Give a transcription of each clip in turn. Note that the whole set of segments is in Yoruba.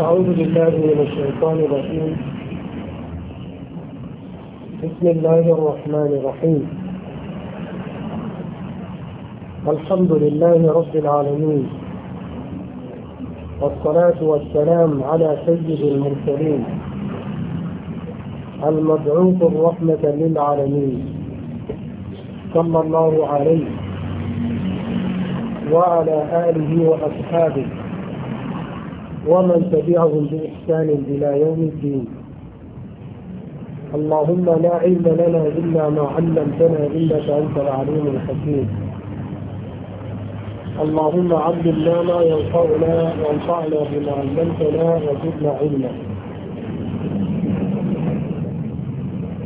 أعوذ بالله من الشيطان الرجيم بسم الله الرحمن الرحيم الحمد لله رب العالمين والصلاة والسلام على سيد المرسلين المبعوث الرحمة للعالمين صلى الله عليه وعلى آله وأصحابه ومن تبعهم بإحسان إلى يوم الدين اللهم لا علم لنا إلا ما علمتنا إنك أنت العليم الحكيم اللهم علمنا ما ينفعنا وانفعنا بما علمتنا وزدنا علما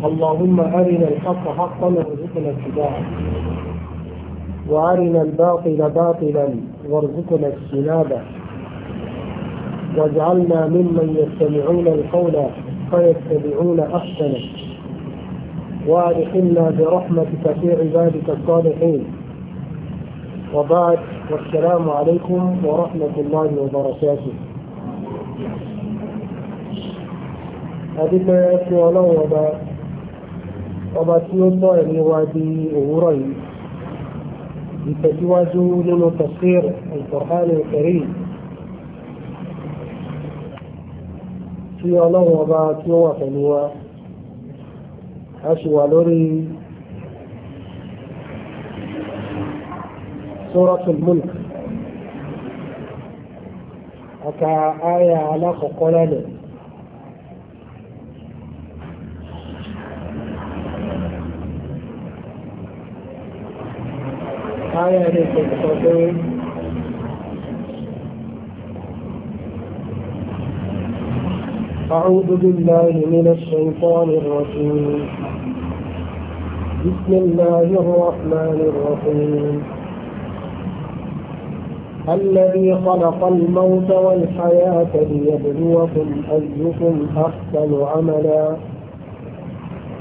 اللهم أرنا الحق حقا وارزقنا اتباعه وأرنا الباطل باطلا وارزقنا اجتنابه واجعلنا ممن يستمعون القول فيتبعون احسنه وادخلنا برحمتك في عبادك الصالحين وبعد والسلام عليكم ورحمة الله وبركاته هذه fún ọlọ́run ọba ọba في ó tọ́ ẹ̀mí wa di القرآن الكريم tí ọlọ́run ọba tí ó wà pẹ̀lú wa a ṣì wà lórí suratul mulk ọ̀ka àyà alákọ̀ọ́kọ́ lẹ́lẹ̀ àyà ẹni أعوذ بالله من الشيطان الرجيم بسم الله الرحمن الرحيم الذي خلق الموت والحياة ليبلوكم أيكم أحسن عملا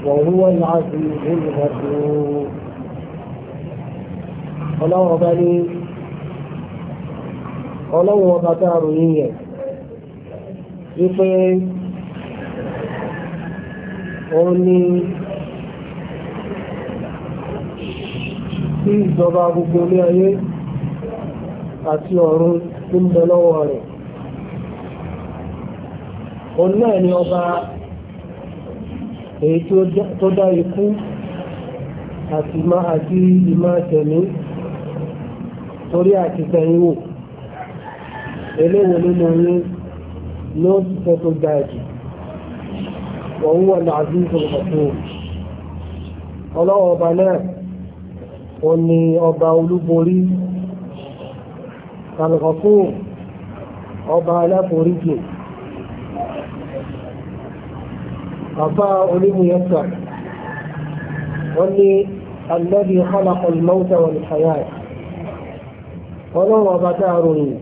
وهو العزيز الغفور ọlọ́wọ́ بني ní ọlọ́wọ́ wípé ó ní sí ìjọba gbogbo ní ayé àti ọ̀run tó ń bẹ lọ́wọ́ rẹ̀. Òun náà ni ọba èyí tó dá ikú àti má àti ìmá tẹ̀mí torí àti tẹ̀yìn wò. Eléwo nínú yín ló ń sọ tó dáa jù wọ́n wà ní àdúgbò ọ̀tún ọlọ́wọ́ ọba náà ó ní ọba olúborí alùpàpọ̀ ọba aláforíjì bàbá onímúyẹ́sà wọ́n ní alẹ́bí kọ́lákọ̀ọ́lù mọ́tà wà ní ọlọ́wọ́ ọba dáa ròyìn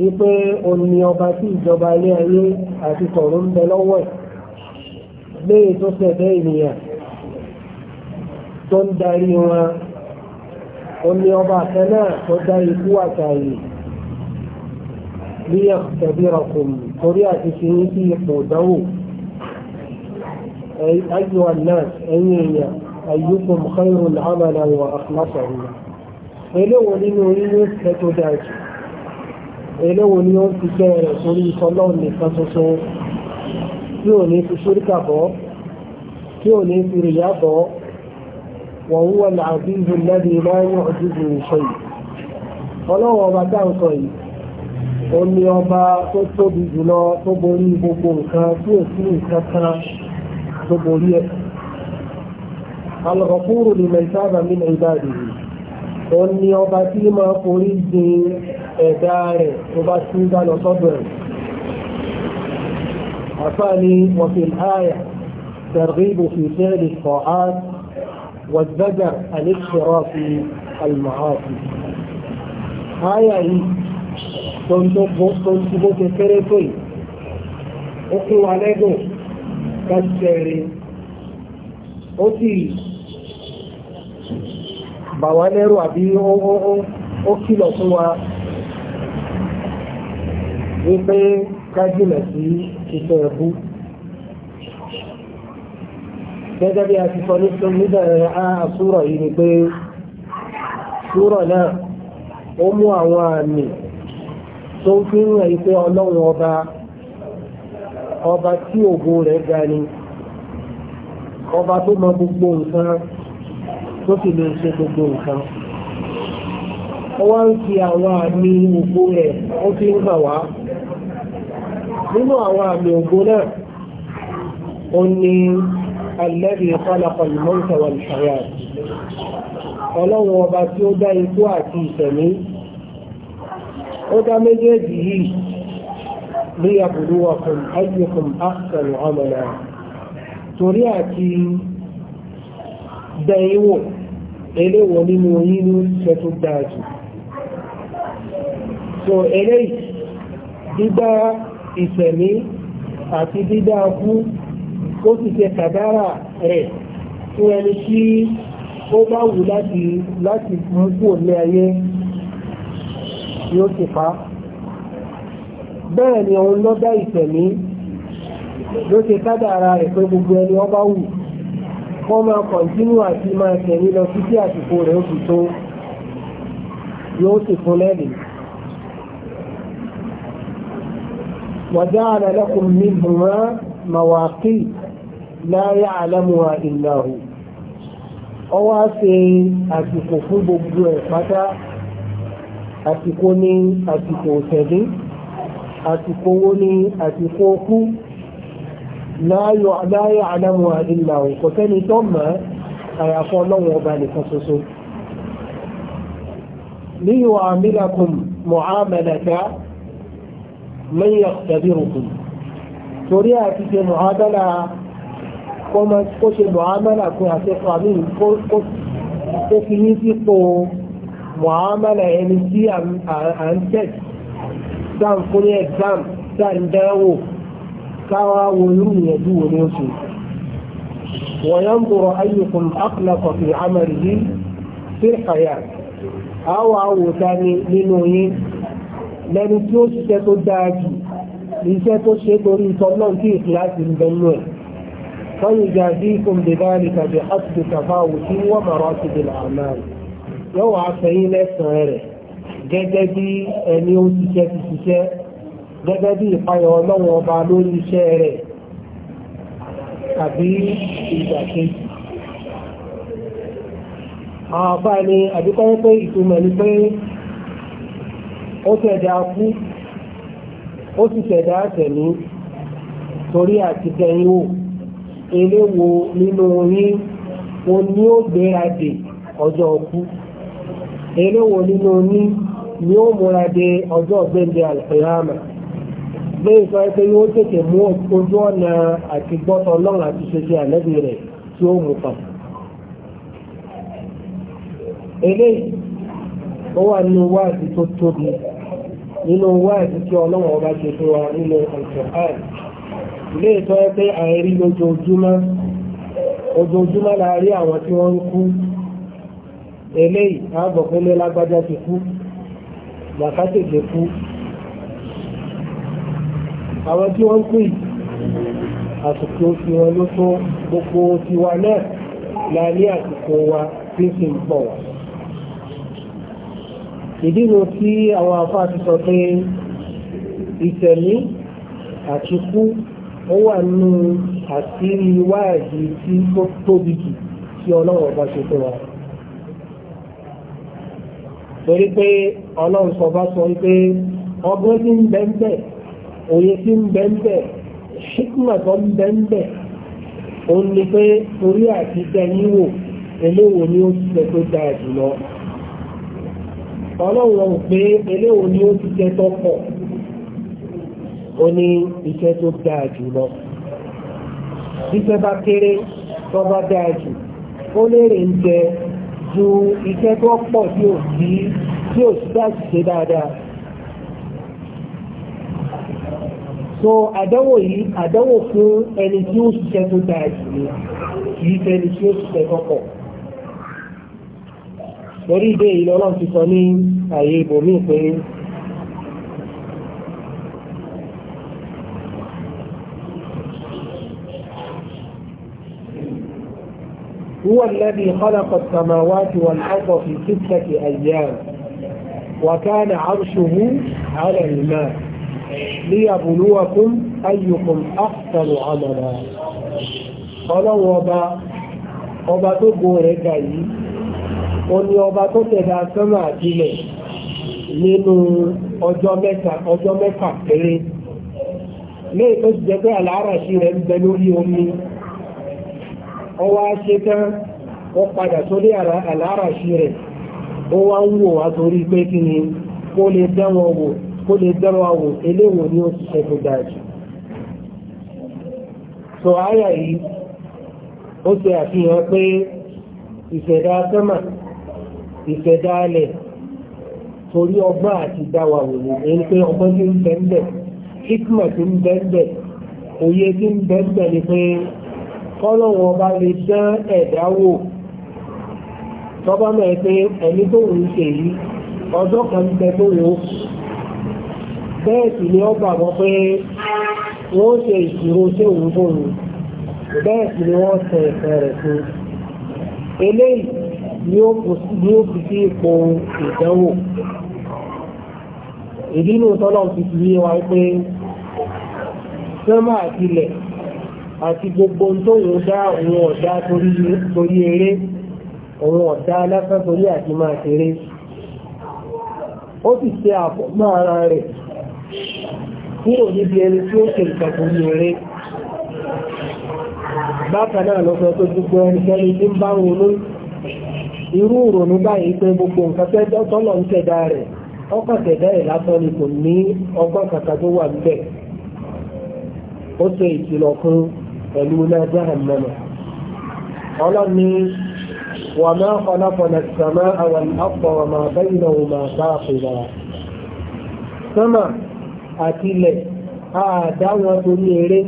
wípé o ní ọba tí ìjọba ilé ayé àti tọ̀rọ̀ ń bẹ lọ́wọ́ ẹ̀ gbé ètò ṣẹ̀dẹ́ ènìyàn tó ń darí wọn o ní ọba kan náà tó dá ikú àtàyè bí ẹ̀kẹ́bí rọ̀kùnrin torí àti fi ń sí ipò ìdánwò أيها الناس أيها أيكم خير العمل وأخلصه إليه ولنريد ستداجه eléwo ni ó ń fi jẹ́ rẹ̀ sórí ìtọ́lọ́run nìkan ṣoṣo tí ò ní fi ṣúríkà bọ́ tí ò ní fi rìyà bọ́ wọ́n wọ́n làbí ìlú lẹ́bi láyé ọdúnjú ìṣẹ́ yìí ọlọ́wọ́ ọba dáǹkọ yìí ó ní ọba tó tóbi jùlọ tó borí gbogbo nǹkan tí ò sí nǹkan kan tó borí ẹ̀ alọ́kọ̀ọ́kúrò ni mẹ́ta àbámi ní ìbáàdì yìí ó ní ọba tí máa forí jìn ẹ̀dá rẹ̀ tó bá tún bá lọ sọ́dọ̀ ẹ̀ àfáàní wọ̀fì àyà tẹ̀rìbù fi fẹ́ẹ̀lì fọ̀hán والزجر عن اقتراف المعاصي آية yìí tó ń tó bó tó yìí ó kí wa lẹ́gùn ká ó sì bà wá lẹ́rù àbí ó kìlọ̀ fún wa wípé kájìnà sí iṣẹ́ ẹbú gẹ́gẹ́ bí a ti sọ níbẹ̀rẹ̀ àṣúrọ̀ yìí ni pé ṣúrọ̀ náà ó mú àwọn àmì tó ń fi ń rẹ̀ pé ọlọ́run ọba ọba tí ògo rẹ̀ ga ni ọba tó mọ gbogbo nǹkan tó sì lè ṣe gbogbo nǹkan ó wá ń fi àwọn àmì ògbó rẹ̀ ó fi ń bà wá nínú àwọn àmì ògbó náà ó ní alẹ́bí ìpálapọ̀ ìmọ̀ǹkà wà nìkàrà ọlọ́run ọba tí ó dá ikú àti ìṣẹ̀mí ó dá méjèèjì yìí ní àbúrú ọkùnrin ẹgbẹ̀kùn áṣẹ̀lú ọmọ náà torí àti dẹ̀yìn wò eléwò nínú yín ní ṣẹ́tù dájú so eléyìí dídá ìṣẹ̀mí àti dídá kú ó sì ṣe kàdára rẹ̀ fún ẹni tí ó bá wù láti láti mú kú òlé ayé yóò ti pa bẹ́ẹ̀ ni òun lọ́dá ìṣẹ̀mí ló ṣe kádàrá rẹ̀ pé gbogbo ẹni ó wù wọ́n máa kọ̀ntínú àti máa tẹ̀lé lọ títí àsìkò rẹ̀ ó fi tó yóò sì fún lẹ́rìí. وجعل لكم منهما مواقيت لا يعلمها إلا هو ọ wá ṣe àsìkò fún gbogbo ẹ̀ pátá àsìkò ní àsìkò òṣèlú àsìkò owó ní àsìkò okú láyọ̀ àlámùwà ìlà òkò sẹ́ni tó mọ̀ àyàfọ́ ọlọ́run ọba nìkan ṣoṣo níyọ̀ àmìlàkùn mọ̀hámẹ́lẹ̀ká mẹ́yẹ̀ tẹ̀bírùkùn torí àti ṣe mọ̀hámẹ́lá kó ṣe mọ̀hámẹ́lá kó àṣẹ́kọ̀ àmì kó fi ní sípò mọ̀hámẹ́lá ẹni tí à ń tẹ̀ sáà ń káwá wo irú ìyẹ̀dú wo ni ó ṣe wọ̀nyán bọ̀rọ̀ ayyukun akhlaqa fi amalihi fi haya àwọn àwòta ni nínú yín lẹ́ni tí ó ṣiṣẹ́ tó dáa jù iṣẹ́ tó ṣe torí ìtọ́lọ́n tí ìkìláàsì ń bẹ̀rù ẹ̀ fọ́yìn ìjà sí ìkùnbẹ̀dáàlì tàbí àtìkù tàfáwò tí wọ́n mọ̀rọ̀ ti di làmáàlì yóò wá fẹ̀yìn lẹ́sàn rẹ̀ gẹ́gẹ́ bí ẹni ó ṣiṣẹ́ ti ṣiṣẹ́ gẹ́gẹ́ bí ìpayọ̀ ọlọ́run ọba lórí iṣẹ́ rẹ̀ tàbí ìgbàkejì àwọn àbá ni àbíkọ́ pé ìtumọ̀ ni pé ó tẹ̀dá kú ó sì tẹ̀dá tẹ̀mí torí àti tẹ̀yìn wò eléwo nínú yín o ní ó gbéra dè ọjọ́ ọkú eléwo nínú yín ni ó múra dè ọjọ́ ọgbẹ́ndẹ̀ àlùfẹ́hámà lóyún sọ pé yóò tètè mú ojú ọ̀nà àti gbọ́tọ̀ ọlọ́run àti ṣeṣe àlẹ́bí rẹ̀ tí ó mú pa. eléyìí ó wà nínú tó tóbi nínú wáàsí tí ọlọ́run ọba ṣe fún wa nínú ìṣẹ̀fáì ilé ìtọ́ pé àìrí lójoojúmọ́ la rí àwọn tí wọ́n ń kú lágbájá ti kú àwọn tí wọ́n ń pè àsìkò tí wọ́n ló tó gbogbo tiwa náà la ní àsìkò wa tí ń fi ń bọ̀ wá. ìdí nu tí àwọn afá ti sọ pé ìtẹ̀lé àti kú ó wà nínú àṣírí wáàdì tí tó tóbi jù tí ọlọ́wọ́ bá ṣe fún wa torí pé ọlọ́run sọ bá sọ wípé ọgbọ́n tí ń bẹ́ńbẹ́ òye tí ń bẹ ń bẹ ṣíkùmọ̀ tó ń bẹ ń bẹ òun ni pé orí àti dẹni wò eléwo ni ó ti jẹ tó dáa jùlọ ọlọ́run rọrùn pé eléwo ni ó ti jẹ tó pọ̀ ó ní iṣẹ́ tó ju iṣẹ́ tó pọ̀ tí ò sí tí ò sí so àdánwò yìí àdánwò fún ẹni tí ó ṣiṣẹ́ tó dáa jù ní kìí ṣe ẹni tí ó ṣiṣẹ́ kọ́kọ́ lórí ìdè ìlú ọlọ́run ti sọ ní ààyè ibòmí pé هو الذي خلق السماوات والأرض في ستة أيام وكان عرشه على الماء ليبلوكم أيكم أحسن عملا ọlọ́run ọba ọba tó gbò rẹ̀ ga yìí ó ní ọba tó tẹ̀dá sánmà àjílẹ̀ nínú ọjọ́ mẹ́ta ọjọ́ mẹ́fà péré léè tó ti jẹ́ pé àlàárà sí rẹ̀ ń bẹ lórí omi ọwọ́ ṣe tán ó padà sórí àlàárà sí rẹ̀ ó wá ń wò wá torí pé kí ni kó lè dẹ́wọ̀n wò kó lè dọ́rọ̀ àwò eléwò ní òṣìṣẹ́ tó dájú. sọ àyà yìí ó ṣe àfihàn pé ìṣẹ̀dá sọ́mà ìṣẹ̀dá alẹ̀ torí ọgbọ́n àti dáwà wòye èyí pé ọgbọ́n tí ń bẹ́ńbẹ̀ hikma tí ń bẹ́ńbẹ̀ òye tí ń bẹ́ńbẹ̀ ni pé kọ́lọ́wọ́ ọba lè dán ẹ̀dá wò tọ́bá mẹ́rin pé ẹni tó ń ṣe yìí ọjọ́ kan ń bẹ tó wò bẹ́ẹ̀ sì ni ó gbàgbọ́ pé wọ́n ṣe ìṣirò tí òun fóun bẹ́ẹ̀ sì ni wọ́n tẹ ẹ̀fẹ́ rẹ̀ fún eléyìí ni ó fi sí ipò ìdánwò ìdí inú tọ́lọ́ ti fi yé wa pé sẹ́mà àti ilẹ̀ àti gbogbo tó ń dá òun ọ̀dá torí eré òun ọ̀dá lásán torí àti máa ṣeré ó sì ṣe àpọ̀ mọ́ ara rẹ̀ kúrò níbi ẹni tí ó ṣe ìkàkùn ní eré bákan náà lọ sọ pé gbogbo ẹnikẹ́ni tí ń bá wọn ló irú ìrònú báyìí pé gbogbo nǹkan fẹ́ tọ́lọ̀ ń tẹ̀dá rẹ̀ ọkọ̀ tẹ̀dá ẹ̀ lásán ni kò ní ọgbọ́n tó wà níbẹ̀ ó ṣe ìkìlọ̀ pẹ̀lú àti ilẹ̀ àdá wọn torí eré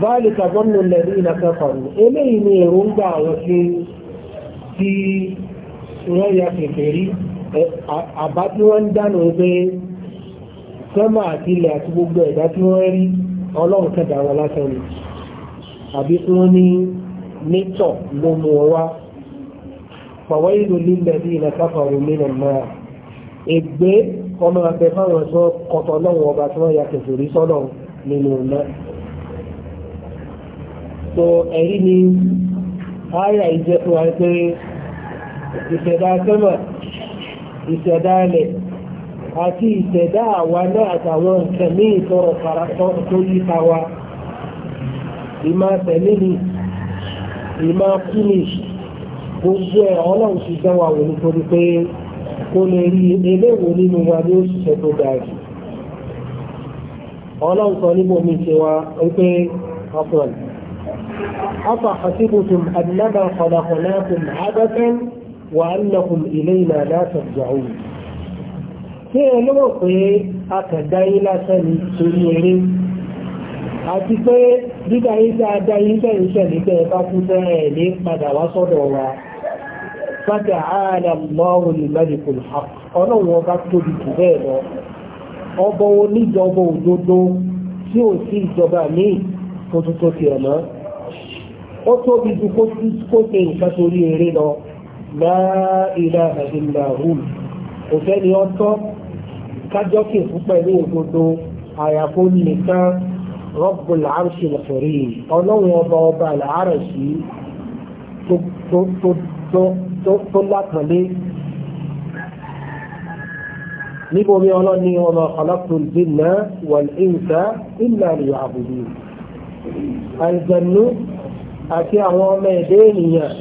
báàlì kàbọ́nù lẹ́rí ìlàkẹ́kọ̀ọ́nù eléyìí ni èròǹgbà àwọn tí tí wọ́n ya kẹ̀kẹ́ rí àbá tí wọ́n ń dánù pé sọ́mà àti ilẹ̀ àti gbogbo ẹ̀dá tí wọ́n rí ọlọ́run kẹta wọn lásán ni àbí tí wọ́n ní nítọ̀ ló mú pàwọ́ ìlú lílẹ̀ bí ìlàkẹ́kọ̀ọ́nù mìíràn náà ègbé kọ́ máa bẹ fáwọn ẹ̀ṣọ́ kọ̀tọ̀ lọ́wọ́ ọba tí wọ́n ya kẹsì rí sọ́nà nínú náà. so ẹ̀rí ni àyà ìjẹ́ fún wa pé ìṣẹ̀dá sẹ́mà ìṣẹ̀dá ilẹ̀ àti ìṣẹ̀dá àwa náà àtàwọn nǹkan ní ìtọrọ kàràtọ́ tó yíta wa ìmá tẹ̀lé ni ìmá kú ni gbogbo ẹ̀ ọlọ́run ti dán wa wò nítorí pé kó lè rí eléwo nínú wa ní òṣìṣẹ́ tó dáa jù ọlọ́run sọ níbo mi ṣe wa pé ọkùnrin afa hasibutum annama khalaqnakum abatan wa annakum ilayna la tarja'un ṣé ẹ lọ́wọ́ pé a kàn dáyé lásán ni torí eré àti pé dídáyé dáadáa yín bẹ́ẹ̀ ń ṣẹ̀lẹ̀ bẹ́ẹ̀ bá kú bẹ́ẹ̀ ní padà wá sọ́dọ̀ wa fata ààlà mọ́rùn ní mẹ́rìkùn ọlọ́run ọba tóbi jù bẹ́ẹ̀ lọ ọba oníjọba òdodo tí ò sí ìjọba míì tó tó tó fi ẹ̀mọ́ ó tóbi ju kó ṣe nǹkan torí eré lọ láìlà ìlàhùn òfẹ́ ni ó tọ́ kájọ́kì fún pẹ̀lú òdodo àyàfó nìkan rọ́bùlà àrùsì lọ́fẹ̀rí ọlọ́run ọba ọba làárẹ̀ sí i tó lákànlé níbo mi ọlọ́ni ọmọ ọlọ́kùnrin dínà wàlíǹsà ìlànà àbùdù àìjẹ̀nú àti àwọn ọmọ ẹ̀dẹ́ ènìyàn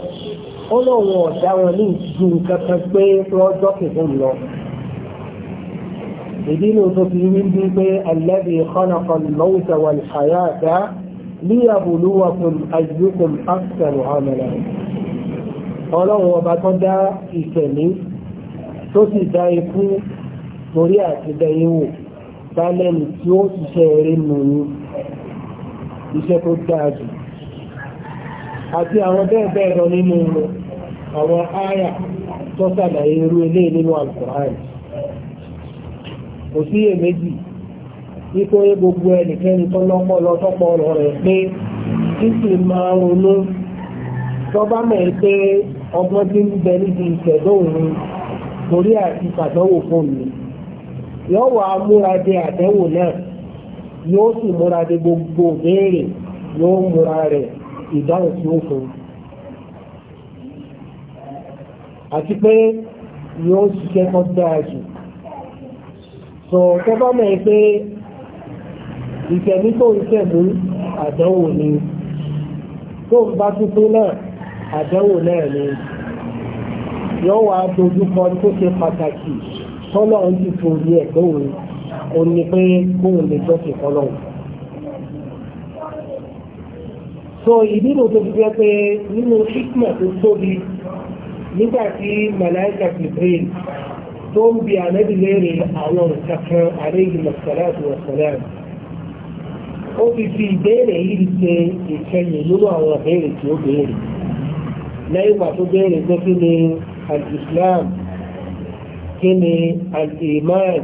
ọlọ́run ọ̀dá wọn ní ju nǹkan kan pé wọ́n jọ́kìn fún lọ. ìdí ni o tó fi wí bí pé alladhi khalaqa al-mawta wal hayata. ليبلوكم أيكم أحسن عملا ọlọ́run ọba tó dá ìṣẹ̀lẹ̀ tó sì dá ikú torí àti dẹ̀yìnwó dálẹ́nu tí ó ṣiṣẹ́ eré nù iṣẹ́ tó dáadù àti àwọn bẹ́ẹ̀ bẹ́ẹ̀ lọ nínú àwọn áyà tó sàlàyé irú ilé nínú Al-Qur'an kò sí èméjì wípé gbogbo ẹnikẹ́ni tó lọ́pọ̀ lọ tọ́pọ̀ ọ̀rọ̀ rẹ̀ pé títí máa ronú tọ́ba mọ̀ pé ọgbọ́n tí ń bẹ níbi ìṣẹ̀dọ̀ òun torí àti ṣàdánwò fún mi yóò wá múra de àdánwò náà yóò sì múra de gbogbo béèrè yóò múra rẹ̀ ìdáhùn tí ó fún àti pé yóò ṣiṣẹ́ kọ́ dáa jù sọ̀rọ̀ tọ́ba pé ìṣẹ̀mí tó ń ṣẹ̀mú àdánwò ni tó ń bá tuntun náà àdánwò náà ni yóò wá dojúkọ tó ṣe pàtàkì tọ́lọ̀ ń ti torí ẹ̀ lóhùn ó ní pé bóun lè jọ́sìn fọlọ́hùn. so ìdílò tó fi jẹ́ pé nínú hikma tó tóbi nígbà tí malaika Jibril tó ń bi ànábì léèrè àwọn nǹkan kan àríyìn masalatu wasalam ó fi fi ìbéèrè yìí ṣe ìkẹyìn lórí àwọn ìbéèrè tí ó béèrè lẹ́yìn ìgbà tó béèrè pé kí ni al-islam kí ni al-iman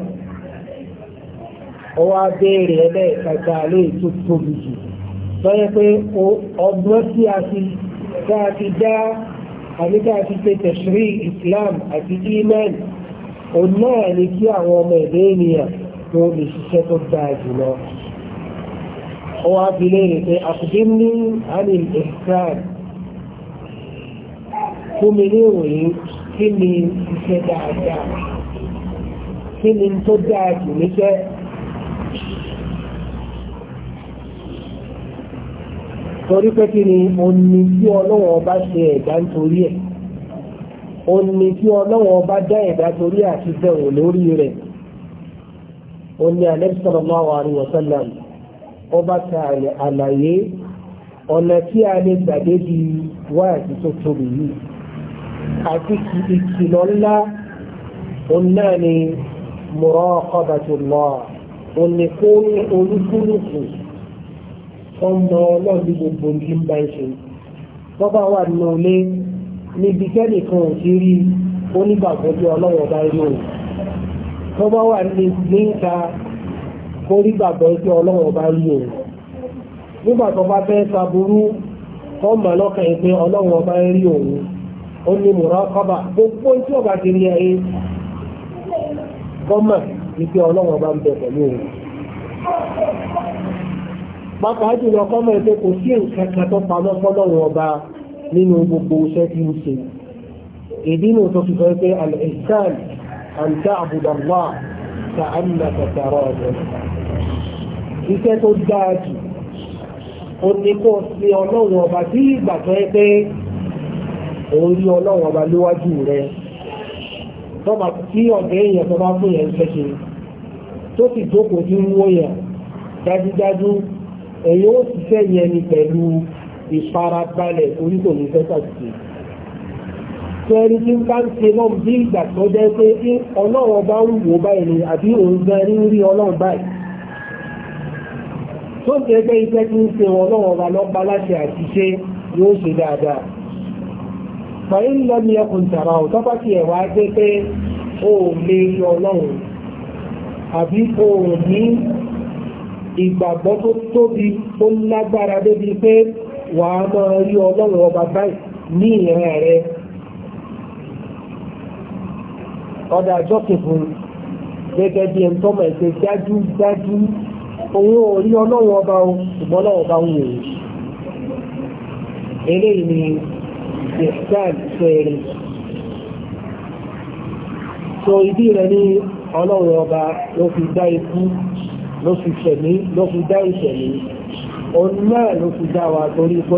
ó wá béèrè ẹlẹ́ẹ̀kẹta lóyè tó tóbi jù sọ́yẹ́ pé ọgbọ́n tí a ti dá àníkà ti ṣe tẹ̀sírí islam àti iman òun náà ni kí àwọn ọmọ ẹ̀dẹ́ ènìyàn tó lè ṣiṣẹ́ tó dáa jùlọ wọ́n á fi léèrè pé àkùdín ní anil ihsan fún mi ní ìròyìn kí ni iṣẹ́ dáadáa kí ni tó dáa jù níṣẹ́ torí pé kí ni oní tí ọlọ́wọ́ bá ṣe ẹ̀dá nítorí ẹ̀ oní tí ọlọ́wọ́ bá dá ẹ̀dá torí àti bẹ̀rù lórí rẹ̀ oní Ànábì sallallahu alaihi wasallam ọba ta àlàyé ọ̀nà tí a lè gbàdé di wáyàtí tó tóbi yìí àti ìkìlọ̀ ńlá òun náà ni muraqabatullah òun ni kó ní olúkúlùkù ọmọ ọlọ́ọ̀dún gbogbo ní bá ń ṣe bọ́bá wà nínú ilé níbi kẹ́nìkan ò ti rí onígbàgbọ́jọ́ ọlọ́wọ́ bá ń lò bọ́bá wà ní ìta kó rí gbàgbọ́ ọlọ́run ọba rí òun nígbà bá fẹ́ saburú ọba rí òun ó ní gbogbo tí ọba ti rí ẹ gọ́mà wípé ọlọ́run ọba ń bẹ pẹ̀lú òun jùlọ kò sí nǹkan kan ọba nínú gbogbo iṣẹ́ tí ń ṣe ìdí nù tó fi كأنك تراه iṣẹ́ tó dáa jù ó ní kó sí ọlọ́run ọba tí ìgbà tó ẹ pé òun rí ọlọ́run ọba léwájú rẹ tọ́ba tí ọ̀gá èèyàn tó bá fún yẹn ṣẹ́ṣe tó sì jókòó tí ń wó yẹn dájúdájú ẹ̀yìn ó ṣiṣẹ́ yẹn ni pẹ̀lú ìfarabalẹ̀ orí kò ní fẹ́ sàtìkì. fẹ́ẹ́rí tí ń bá ń ṣe náà bí ìgbà tó jẹ́ pé ọlọ́run bá ń báyìí ni àbí òun gan báyìí tó ń pé iṣẹ́ tí ń ṣe ọba lọ́pàá láti àṣìṣe yóò ṣe dáadáa fàyè ń lọ ní ẹkùn tàrà ò tọ́pá sí ẹ̀wà pé pé o ò lè rí ọlọ́run àbí o ò ní ìgbàgbọ́ tó tóbi tó lágbára débi pé wàá máa rí ọlọ́run ọba báyìí ní ọ̀dà àjọ kẹfùn gẹ́gẹ́ bí ẹni tọ́mọ̀ ẹ̀sẹ̀ dájúdájú owó orí ọlọ́run ọba o ṣùgbọ́n ọlọ́run ọba ń wòye eléyìí ni ìsàn fẹ́ẹ̀rẹ̀ so ibi rẹ̀ ní ọlọ́run ọba ló fi dá ikú ló fi ṣẹ̀mí ló fi dá ìṣẹ̀mí òun náà ló fi dá wa torí pé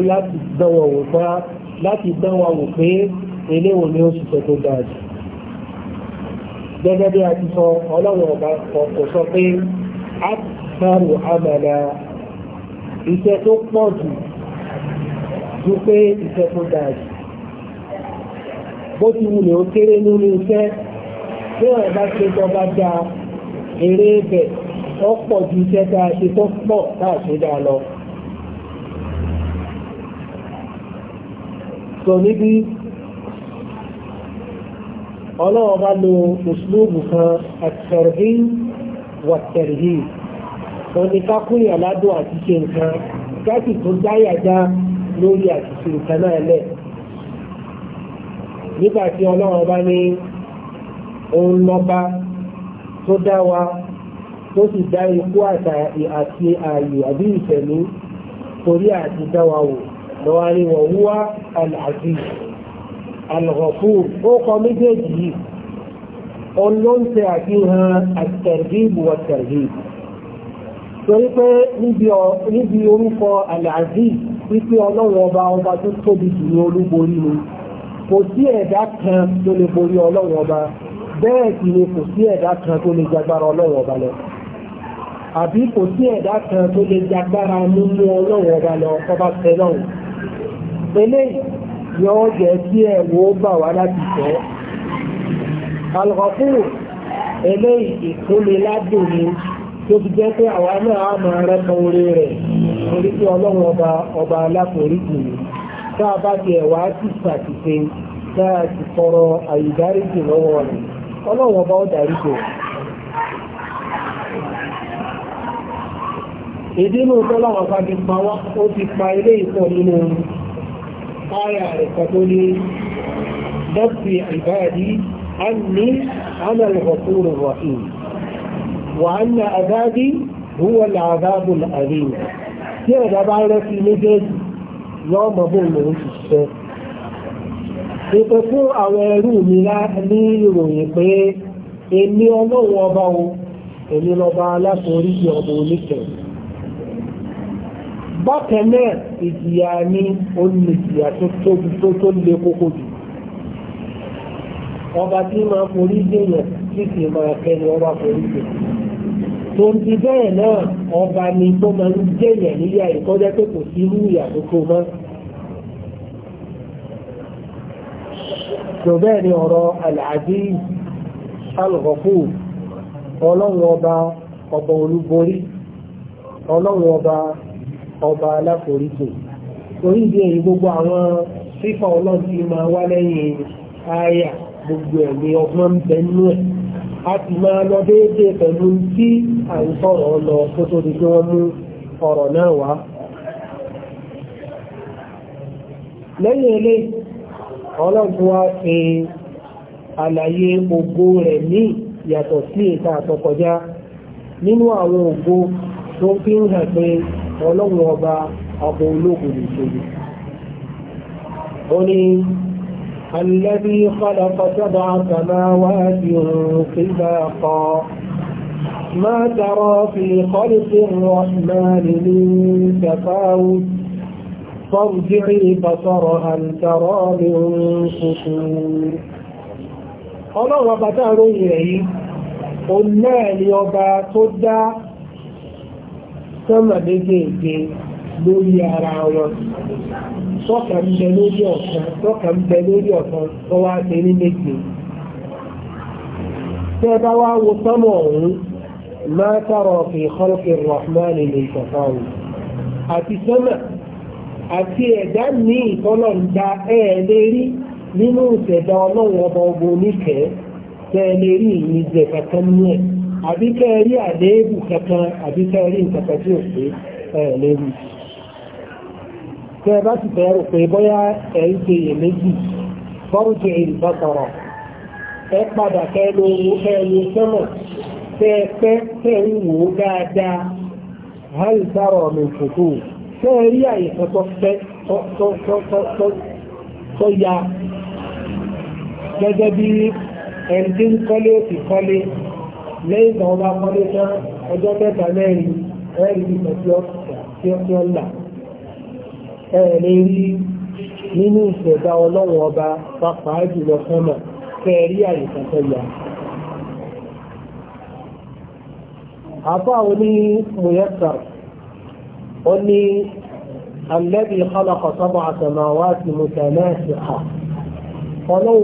láti dánwò wò pé eléwo ni ó ṣiṣẹ́ tó dáa jù gẹ́gẹ́ bí a ti sọ ọlọ́run ọba kò sọ pé aksaru amala iṣẹ́ tó pọ̀ jù ju pé iṣẹ́ tó dáa jù bó ti wulẹ̀ ó kéré nínú iṣẹ́ tí wọ́n bá ṣe jọba da eré bẹ̀ ó pọ̀ ju iṣẹ́ tá a ṣe tó pọ̀ tá a ṣe dá lọ. sọ níbi ọlọ́wọ́ bá lo ìṣlúùbù kan àtẹ̀rí wàtẹ̀rí òní ká kún yàn ládùn àti ṣe nǹkan gáàsì tó dáyàjá lórí àtìṣe nǹkan náà lẹ̀ nígbà tí ọlọ́wọ́ bá ní òun lọ́ba tó dá tó sì dá ikú àti ààyè àbí ìṣẹ̀lú torí àti dá wò lọ́wọ́ ni wọ̀n wúwá Al-Ghafur ó kọ méjèèjì yìí olóńtẹ àfihàn àtẹ̀rìbù àtẹ̀rìbù torí pé níbi orúkọ Al-Aziz wípé ọlọ́run ọba ọba tó tóbi jù ní olúborí ni kò sí ẹ̀dá kan tó lè borí ọlọ́run ọba bẹ́ẹ̀ sì ni kò sí ẹ̀dá kan tó lè jagbára ọlọ́run ọba lọ àbí kò sí ẹ̀dá kan tó lè jagbára nínú ọlọ́run ọba lọ ọba tẹ́lọ́run eléyìí yóò jẹ́ kí ẹ̀wọ̀ bà wá láti tẹ́ alghafur eléyìí ìkúnni ládùn ni tó fi jẹ́ pé àwa náà á máa rẹ́pọ̀ orí rẹ̀ torí pé ọlọ́run ọba ọba aláforíjì ni tá a bá ti ẹ̀wà ti ṣàtìṣe tá a ti tọrọ àyídáríjì lọ́wọ́ rẹ̀ ọlọ́run ọba ó dáríjì ìdí inú tọ́lọ́wọ́ bá ti pa wá ó ti pa ilé ìpọ̀ nínú áyà rẹ̀ kan tó ní dọ́sì àìbáàdì ánì ánàlùfọ́kúrò rọ̀hìn wà ánà àzáàdì huwa làzáàbù àrí tí ẹ̀dá bá rẹ́ sí méjèèjì yọ́ mọ̀ bó lòun ti ṣiṣẹ́ ìpè fún àwọn ẹrú mi ní ìròyìn pé èmi ọlọ́run ọba o èmi lọ́ba aláforíjì ọmọ oníkẹ̀ẹ́ bákan náà ìjìyà ní oní ìjìyà tó tóbi tó tó le kókó jù ọba tí máa forí dèèyàn tí kì í máa kẹ́ni ọba forí dèèyàn tó ń ti bẹ́ẹ̀ náà ọba ni tó máa ń dèèyàn níyà ìkọ́jẹ́ pé kò sí irú ìyà tó tó mọ́ bẹ́ẹ̀ ni ọ̀rọ̀ àlàájí alùpọ̀pù ọlọ́run ọba ọba olúborí ọlọ́run ọba ọba aláforíjì orí ìdí èyí gbogbo àwọn fífà ọlọ́run ti máa wá lẹ́yìn àyà gbogbo ẹ̀mí ọgbọ́n bẹnú ẹ̀ a ti máa lọ déédéé pẹ̀lú tí à ń sọ̀rọ̀ lọ kó tó di pé wọ́n mú ọ̀rọ̀ náà wá lẹ́yìn ilé ọlọ́run tó wá ṣe àlàyé ògo rẹ̀ ní yàtọ̀ sí ìta àtọkọjá nínú àwọn ògo tó fi ń hàn pé ọlọ́run ọba ọba ológun nìṣòro ó ní الذي خلق سبع سماوات طباقا ما ترى في خلق الرحمن من تفاوت فارجع البصر هل ترى من فطور ọlọ́run ọba táàrọ̀ yìí ó náà ni ọba tó dá sọ́nà méjèèjì lórí ara wọn tọ́ka ń bẹ lórí ọ̀kan tọ́ka ń bẹ lórí ọ̀kan tó wá ṣe ní méje tẹ́ bá wá wo sọ́nà ọ̀hún máa tọrọ fi khalqi rahman lè tọ́kọ̀ọ́ àti sọ́nà àti ẹ̀dá ní ìtọ́nà ń da ẹ̀ẹ́lérí nínú ìṣẹ̀dá ọlọ́run ọba ogun oníkẹ́ tẹ́ẹ̀lérí ìyìn jẹ̀ kankan ní ẹ̀. àbí kẹ́ ya a kankan àbí kẹ́ rí nǹkan tí ta pé ẹ̀ léwu tẹ́ bá sì fẹ́ rò pé bóyá ẹ̀ ń ṣe iyèméjì fọ́rùjì ìbátọ̀rọ̀ ẹ padà kẹ́ ló wo kẹ́ ló sọ́nà tẹ́ ẹ pẹ́ tẹ́ ń yi ó dáadáa hàn sárọ̀ mi fòtò tẹ́ ẹ rí ya kọ́lé ti kọ́lé lẹ́yìn tó bá kọ́lé tán ọjọ́ kẹta mẹ́rin ẹ̀rí ìgbà tí ó tí ó là ẹ̀ lè rí nínú ìṣẹ̀dá ọlọ́run ọba pàápàá jùlọ sọ́nà kẹrí àyíká tó yà.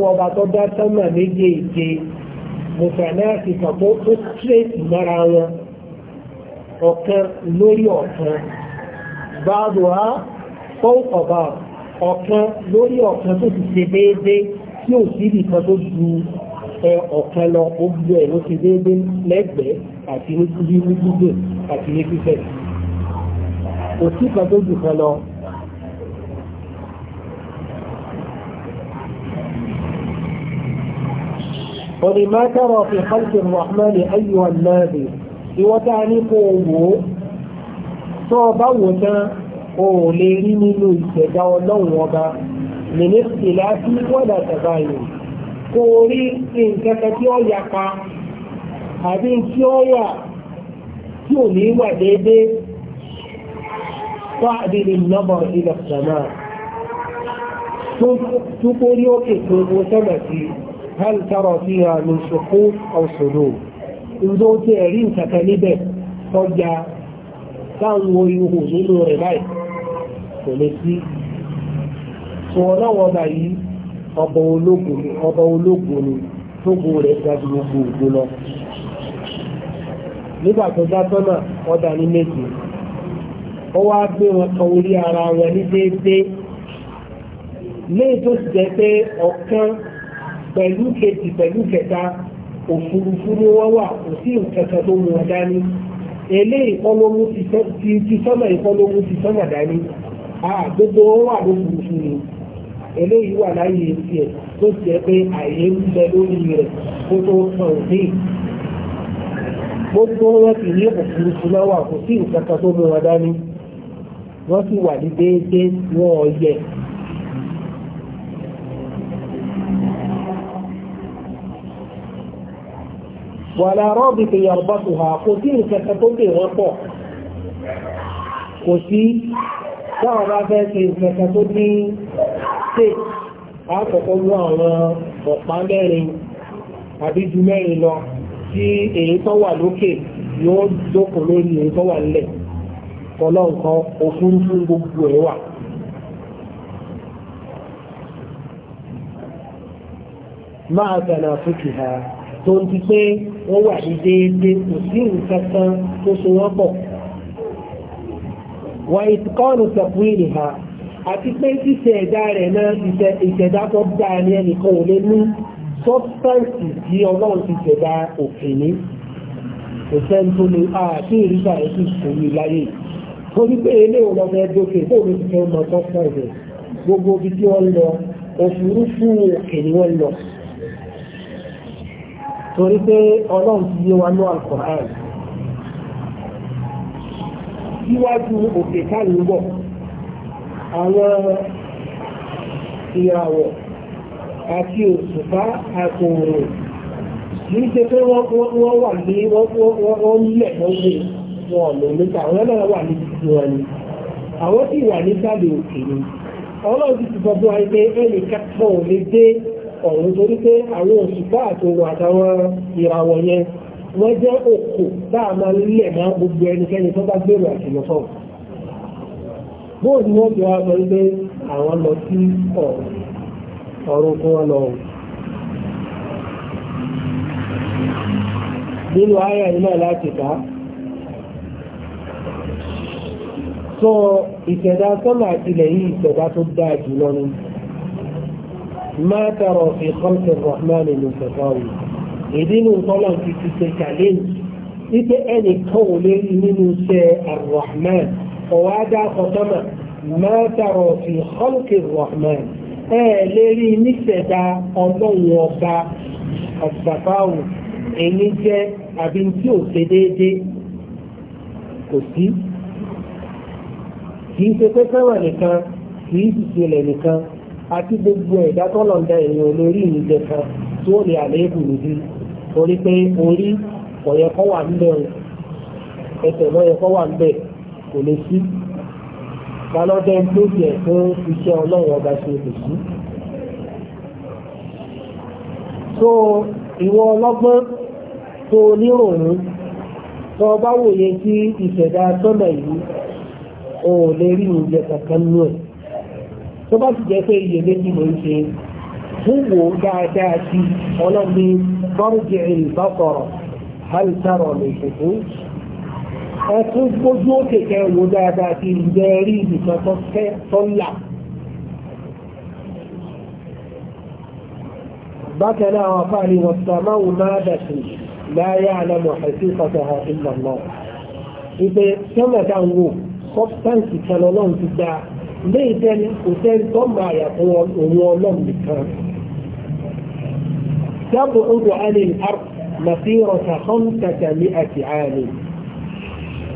ọba tó dá méjèèjì mùsànáàtìkà tó tó straight mara wọn ọ̀kan lórí ọ̀kan báàdù á fọ́ọ̀kọ̀ bá ọ̀kan lórí ọ̀kan tó ti ṣe déédéé tí ò sí nìkan tó ju ọ̀kan lọ gbogbo ẹ̀ ló ti déédéé lẹ́gbẹ̀ẹ́ àti ní gbígbé àti ní fífẹ̀ kò sí kan tó ju kan lọ فلما ترى في خلق الرحمن أيها الناذر ìwọ́tàníkò wò ó tó ọba wò tán o ò lè rí nínú ìṣẹ̀dá ọlọ́run ọba mínísítì láti wọ́dà tàbáyò kò rí nǹkan tí ó yapa àbí tí ó yà tí ò ní wà déédéé fáàdì ní nọ́bọ̀ ilẹ̀ sàmà tó kórí òkè tó sọ́nà sí i hal tara fiha min suqut aw sudur ìjọ tí ẹ̀rí nǹkankan níbẹ̀ tọ́jà táwọn ihò nínú rẹ̀ báyìí kò lè sí ṣùgbọ́n náà wọ́n bá yìí ọba ológun ni ọba ológun ni tógo rẹ̀ ga ju gbogbo ògbó lọ nígbà tó dá sọ́nà ọ̀dà ní méjì ó wá gbé wọn kan orí ara wọn ní déédéé léè tó sì jẹ́ pé ọ̀kan pẹ̀lú kejì pẹ̀lú kẹta òfurufú ni wọ́n wà kò sí nǹkan tó mú wọn dání a ti sọ́nà ti sọ́nà dání gbogbo wọn wà lófurufú ni eléyìí wà láyé tiẹ̀ tó jẹ́ pé àyè ń bẹ lórí rẹ̀ kó gbogbo wọn ní òfurufú náà wà kò sí tó mú wọn dání wọ́n wàlá rọ́bì tó yàrùbá tó ha kò sí ìkẹta tó dè wọ́n pọ̀ kò sí dáwọn bá fẹ́ sí ìkẹta tó ní tè àkọ́kọ́ mú àwọn ọ̀pá mẹ́rin àbí ju mẹ́rin lọ tí èyí tó wà lókè yóò jókòó lórí èyí tó wà nílẹ̀ ọlọ́nkan òfurufú gbogbo ẹ̀ wà. máa tẹ̀lé àfúkì ha tó ń ti pé wọ́n wà ní déédéé kò sí nǹkan kan tó so wọ́n pọ̀. wà ìtìkọ́nù sọ̀kú ìrìhà àti pé ṣíṣe ẹ̀dá rẹ̀ náà ìṣẹ̀dá tó dáa ní ẹnìkan ò lè ní substance tí ọlọ́run ti ṣẹ̀dá òfin ní òṣèlú tó lè àti ìrísà rẹ̀ sì sòrí láyé torí pé ilé ìwọ̀n ẹ̀ dókè bóòlù ti fẹ́ mọ substance gbogbo ibi lọ òfurufú torí pé ọlọ́run ti yé wa ní alukur'an síwájú òkè káàlùbọ̀ àwọn ìràwọ̀ àti òṣùpá àtòrò kìí ṣe pé wọ́n wà ní wọ́n lẹ̀ lọ́wọ́ wọn lò níta àwọn náà wà ní títí wọn ni àwọn sì wà ní sáàlì òkè ni ọlọ́run ti sọ fún wa pé ẹnì kẹfọ́ ò lè dé ọ̀run torí pé àwọn òṣùpá àtòrò àtàwọn ìràwọ̀ yẹn wọ́n jẹ́ òkò bá a máa lẹ̀ máa gbogbo ẹnikẹ́ni tó bá gbèrò àtìlọ́fọ́ bóòdù wọ́n jọ wá sọ wípé àwọn lọ sí ọ̀run fún wọn lọ nínú ayé ìlú náà láti ká sọ ìṣẹ̀dá sọ́nà àtìlẹ́yìn ìṣẹ̀dá tó dáa jù lọ ما ترى في خلق الرحمن من تفاوت ìdínú tọ́lọ̀ ti ti ṣe challenge wípé ẹnì kan ò lè rí nínú iṣẹ́ arrahman ọ̀wá dá ọ̀tọ́mà máa tààrọ̀ fi khalqi rahman ẹ lè rí níṣẹ̀dá ọlọ́run ọba ọ̀sàfáwò èyí jẹ́ àbí tí ò ṣe déédéé kò sí kì í ṣe pé fẹ́wà nìkan kì í sì ṣe lẹ̀ nìkan àti gbogbo ẹ̀dá tọ́lọ̀ ń da èèyàn lórí ìrìnjẹ kan tí ó lè àléébù lójú torí pé orí ọ̀yẹ̀ kọ́ wà ń bẹ̀ ẹsẹ̀ lọ́yẹ̀ kọ́ wà ń bẹ̀ kò lè sí balọ́dẹ́ tó jẹ́ fún iṣẹ́ ọlọ́run ọba ṣe lè sí. so ìwọ ọlọ́gbọ́n tó níròyìn tó bá wòye sí ìṣẹ̀dá sọ́nà yìí ò lè rí ìjẹ kankan nú ẹ̀ tó bá ti jẹ́ pé iye méjì ló ń ṣe fún wo dáadáa sí ọlọ́ni bọ́ọ̀dì ìbáfọ̀rọ̀ halitaro lè ṣètò ẹ tún gbójú òkè kẹ wo dáadáa sí ìjẹ́ rí ìdìkan tó fẹ́ tó là. bákan náà àwọn afáàní wọn sàmáwò máa dàtí láyé àlámọ̀ àti ìfọ̀tẹ̀hà ìlànà. ìpè sọ́mọ̀dá wo substance kan ọlọ́run ti dáa léyìí tẹ́ni kò sẹ́ni tó máa yàtọ̀ òun ọlọ́run nìkan. sábò odò àní ar màsírọ̀ sàkọ́n kàkà ní àti àní.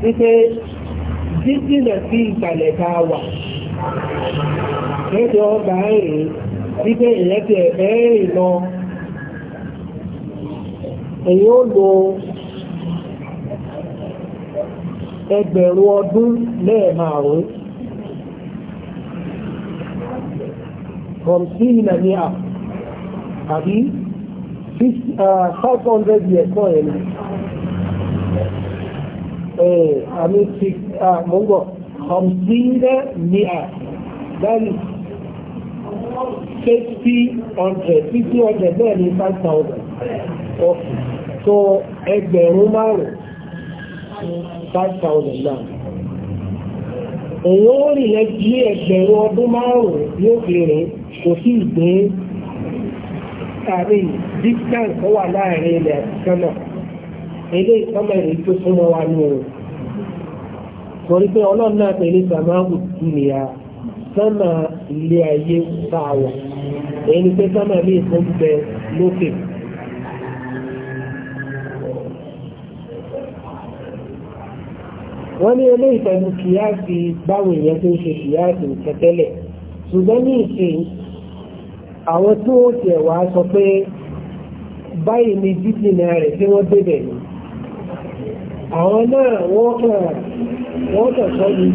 wípé jíjìnà sí ìgbàlẹ̀ tá wà. kẹ́tọ̀ ọba ẹ̀rìn wípé ìrẹ́tẹ̀ ẹ̀rìn lọ. èyí ó lo ẹgbẹ̀rún ọdún lẹ́ẹ̀márùn-ún. خمسين مئة أبي خمس hundred years kọ́ ẹ̀ ní àmì six mo ń bọ̀ خمسين مئة lẹ́nu sixty hundred fifty hundred bẹ́ẹ̀ five thousand ọ̀fù so ẹgbẹ̀rún márùn-ún five thousand náà èyí ó rìn lẹ́jí ẹgbẹ̀rún ọdún márùn-ún yóò fi rìn kò sí ìgbé àárín distance tó wà láàrin ilẹ̀ sọ́nà ilé ìsọ́nà rẹ̀ tó súnmọ́ wa ní o torí pé ọlọ́run náà pẹ̀lú sàmáwù dúnìyà sọ́nà ilé ayé tá a wọ̀ ẹni pé sọ́nà ilé ìfúnbẹ lókè. wọ́n ní ilé ìtẹ̀lù kìí á báwọn èèyàn tó ń ṣe kìí á fi ṣùgbọ́n ní ìsìn àwọn tí ó tiẹ̀ wá sọ pé báyìí ni dídìnà rẹ̀ tí wọ́n débẹ̀ ni àwọn náà wọ́n kàn wọ́n kàn sọ ni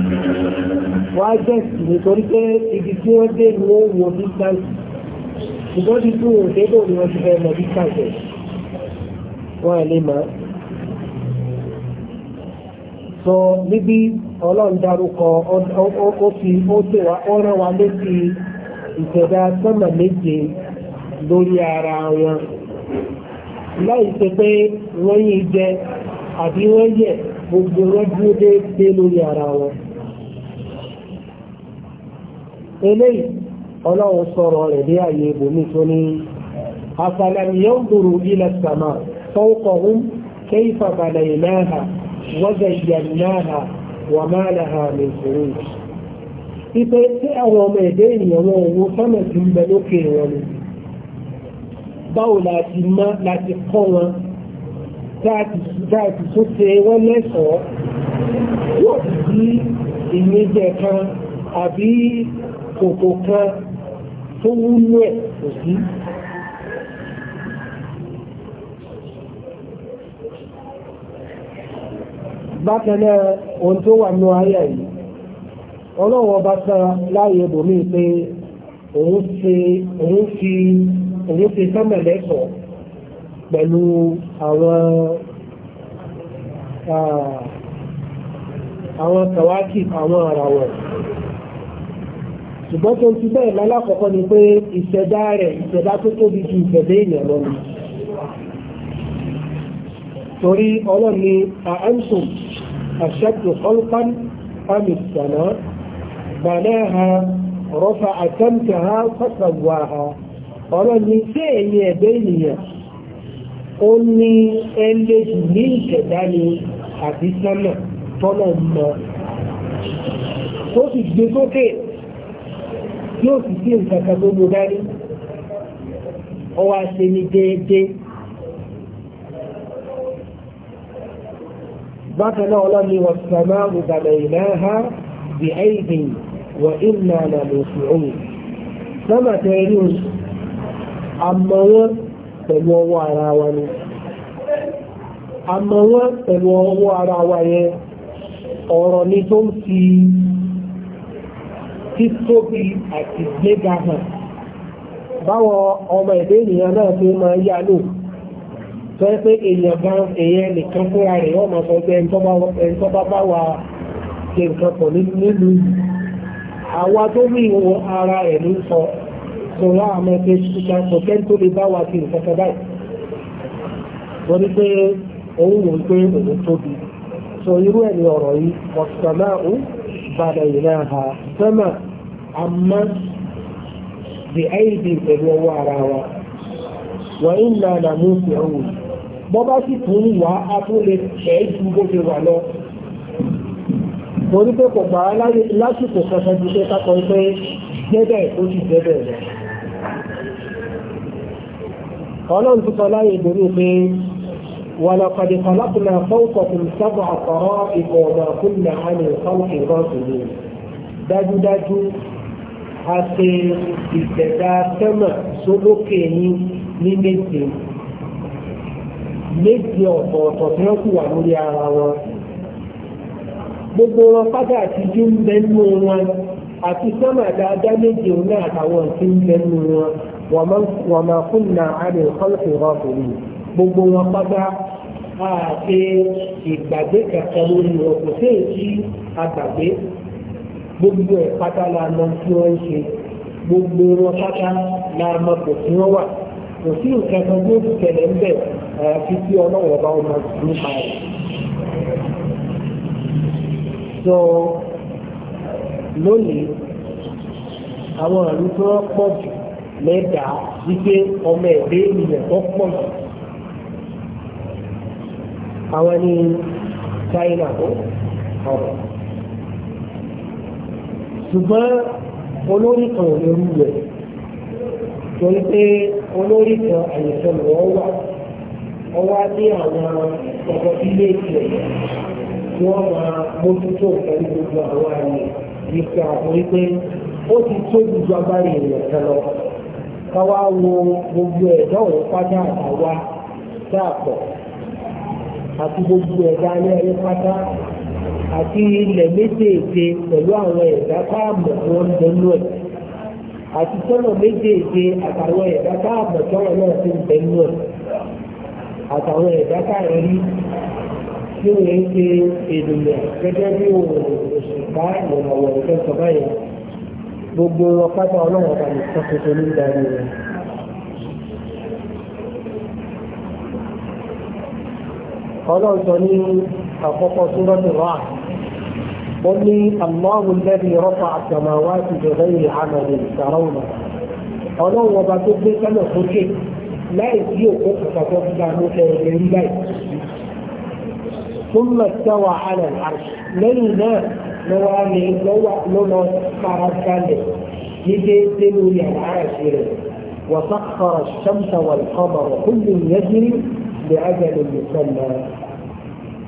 wọ́n á jẹ́ sí nítorí pé ibi tí wọ́n dé ni wọ́n wo distance ṣùgbọ́n ti tún wò débò ni wọ́n ti fẹ́ mọ distance wọ́n lè máa sọ níbi ọlọ́run dárúkọ ó ti ó rán wa létí ìṣẹ̀dá sọ́nà méje lórí ara wọn láì ṣe pé wọ́n yí jẹ àbí wọ́n yẹ gbogbo wọn dúró déédéé lórí ara wọn. eléyìí ọlọ́run sọ̀rọ̀ rẹ̀ dé àyè ibòmí tó ní afalami yóò ilẹ̀ sàmà fọ́ọ̀kọ̀hún kéfà bàlẹ̀ ìnáhà wọ́gẹ̀ yẹ̀ náhà wàmálàhà mẹ́sìrì wípé tí àwọn ọmọ ẹ̀dẹ́ ènìyàn wọn owó sọ́nà tí ń bẹ lókè wọn ni báwo láti mọ́ láti kọ́ wọn dáàtì tó ṣe wọ́n lẹ́sọ̀ọ́ yóò sí ìmíjẹ kan àbí kòkò kan tó wúlò ẹ̀ kò sí. bákan náà ohun tó wà ní ayé yìí ọlọ́run ọba kan láàyè bòmí pé òun ṣe òun fi òun ṣe sámẹ̀lẹ́sọ̀ pẹ̀lú àwọn àwọn kàwákì àwọn àràwọ̀ ṣùgbọ́n tó ti bẹ́ẹ̀ lálákọ̀ọ́kọ́ ni pé ìṣẹ̀dá rẹ̀ ìṣẹ̀dá tó tóbi ju ìṣẹ̀dá èèyàn lọ ni torí ọlọ́ni àánsùn àṣẹ́tù ọlpán àmì ìṣẹ̀dá بناها رفع سمكها فسواها قال من فعل بيني قلني اللي من كداني حديثنا طلب tó sì gbé sókè yóò sì sí nǹkan tó gbó dání ọwá ṣe ní déédéé bákan náà ọlọ́ni wọ̀sánmá ìgbàlẹ̀ ìlànà bí ẹ̀yìn وإنا لموسعون سما تيريوس أما وان تلوه على واني أما وان تلوه على واني ọ̀rọ̀ ni tó ń fi ọmọ ẹ̀dẹ́ ènìyàn náà tó máa yá lò tó ẹ́ pé èèyàn bá èèyàn nìkan fúnra rẹ̀ wọ́n máa sọ pé ẹni tó bá wà ṣe nǹkan nínú ìlú àwa tó ní ìwọ ara ẹ̀ ló sọ kò wá àmọ́ pé ṣíṣà kò tẹ́ tó lè bá wa ti ìfẹ́fẹ́ wọ́n pé òun wò pé òun tóbi sọ irú ẹ̀ ọ̀rọ̀ yìí ọ̀sánà ha sẹ́mà àmọ́ di àìdí pẹ̀lú ọwọ́ ara wa wọ́n ń nà nà mú sí ọ̀hún bọ́ sì tún wà á tún lè torí pé kò gbà á lásìkò kankan ju pé kákọ pé jẹ́bẹ̀ ó sì jẹ́bẹ̀ rẹ̀ ọlọ́run tó sọ láyé ìdórí pé ولقد خلقنا فوقكم سبع طرائق وما كنا عن ara wọn gbogbo wọn pátá ti jú ń bẹ nínú wọn àti sọ́mà dáadáa méje òun náà àtàwọn tí ń bẹ wọn wọ́n máa kún gbogbo wọn pátá àti ìgbàgbé kankan lórí wọn kò sí àgbàgbé gbogbo ẹ̀ pátá la mọ tí wọ́n ń ṣe gbogbo wọn pátá la mọ kò tí wọ́n wà kò sí nǹkan tó tẹ̀lé ń bẹ̀ so lónìí àwọn ìlú tó wọ́n pọ̀ jù lẹ́dà wípé ọmọ ẹ̀dẹ́ ènìyàn tó pọ̀ jù àwọn ní China tó ọ̀rọ̀ ṣùgbọ́n olórí kan ò lè rú rẹ̀ torí pé olórí kan àyẹ̀fẹ́ lọ́wọ́ wà ọwọ́ á dé àwọn ọ̀pọ̀ ilé ìtìlẹ̀ tí wọ́n máa mójútó pẹ̀lú gbogbo àwọn àyè ìfẹ àkórí pé ó ti tó gbogbo agbára èèyàn kan lọ káwá wo gbogbo ẹ̀dá òun pátá àtàwá dáàpọ̀ àti gbogbo ẹ̀dá ayé ayé pátá àti ilẹ̀ méjèèjì pẹ̀lú àwọn ẹ̀dá káàmọ̀ tó ń bẹnu ẹ̀ àti sọ́nà méjèèjì àtàwọn ẹ̀dá káàmọ̀ tọ́wọ́ náà ti ń bẹnu ẹ̀ àtàwọn ẹ̀dá káàmọ̀ rí tí ó yẹ ṣe ènìyàn gẹ́gẹ́ bí òṣùpá ìrànwọ́ ìfẹ́ sọ̀rọ̀ yẹn gbogbo ọ̀pátá ọlọ́run ọba nìkan tuntun ní ìdarí rẹ̀. ọlọ́run sọ ní àkọ́kọ́ súnmọ́tò rà ó ní àlọ́run lẹ́bi rọ́pà àtàmàwá ti bẹ̀rẹ̀ ìlú àmàlẹ̀ ìsàrọ̀nà ọlọ́run ọba tó gbé sẹ́lẹ̀ sókè láì sí òkú kàkàkọ́ gbígbà ló fẹ́ ẹgbẹ́ rí báyìí. ثم استوى على العرش لين لو لو لو فرسل يدلوا العرش وسخر الشمس والقمر كل يجري لأجل مسمى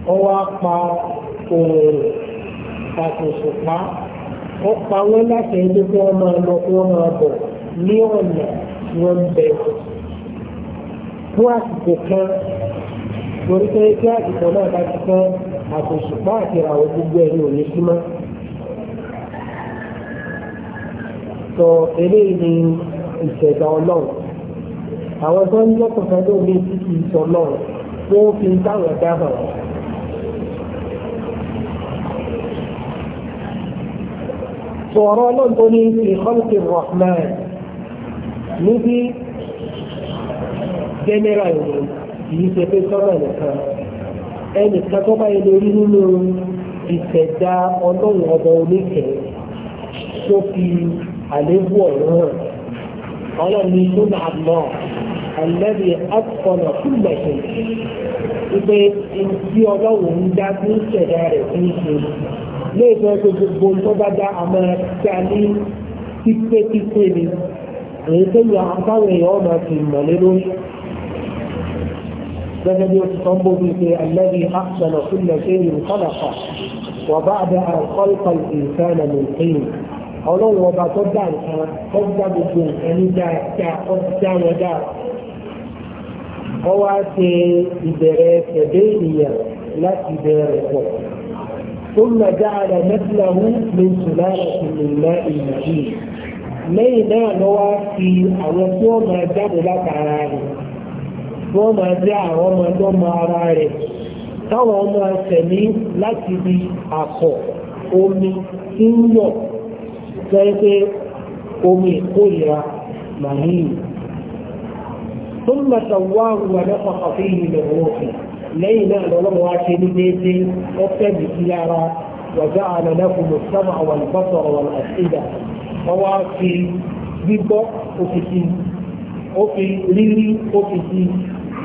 هو قال àti òṣùpá ó pa wọ́n láti ẹni tí wọ́n torí pé kí àtìkọ náà bá ti tán àtòṣùpá àti àwọn gbogbo ẹni ò ní sí mọ́. sọ eléyìí ni ìṣẹ̀dá ọlọ́run àwọn tó ń lọ́kàn kan ló ní títí ìṣọ̀ ọlọ́run tó ń fi táwọn dáhùn. sọ̀rọ̀ ọlọ́run tó ní ìkọ́lùkì rahman níbi general ìròyìn kì í ṣe pé sọ́nà nìkan ẹnìkan tó bá yẹ lórí nínú ìṣẹ̀dá ọlọ́run ọba oníkẹ́ tó fi àléébù ọ̀rọ̀ hàn ọlọ́run ní sọ́nà àmọ́ àlẹ́bí ọ̀pọ̀nà fúnlẹ̀ ṣe wípé tí ọlọ́run ń dá sí ìṣẹ̀dá rẹ̀ fún ṣe léèfẹ́ tó gbogbo tó bá dá àmọ́ tí a ní pípé pípé ni èyí tó yọ àtàwọn èèyàn ọ̀nà ti mọ̀lé lórí. السند والتنبض في الذي احسن كل شيء خلقه وبعد ان خلق الانسان من حين قالوا وبعد قد بكم ان تا قد ودا هو في بريت بيني لا تبارك ثم جعل مثله من سلالة من ماء مهين لينا نوافي أو يسوع ما جعل لك عالم wọ́n máa jẹ́ àwọn ọmọ ẹjọ́ mọ ara rẹ̀ táwọn ọmọ ẹsẹ̀mí láti di àkọ̀ omi tí ń yọ̀ sọ pé omi ìkórìíra màlíì. ثم سواه ونفخ فيه من روحه lẹ́yìn náà lọ́wọ́ wa ṣe ní déédéé ó tẹ̀lé sí ara wàjá àwọn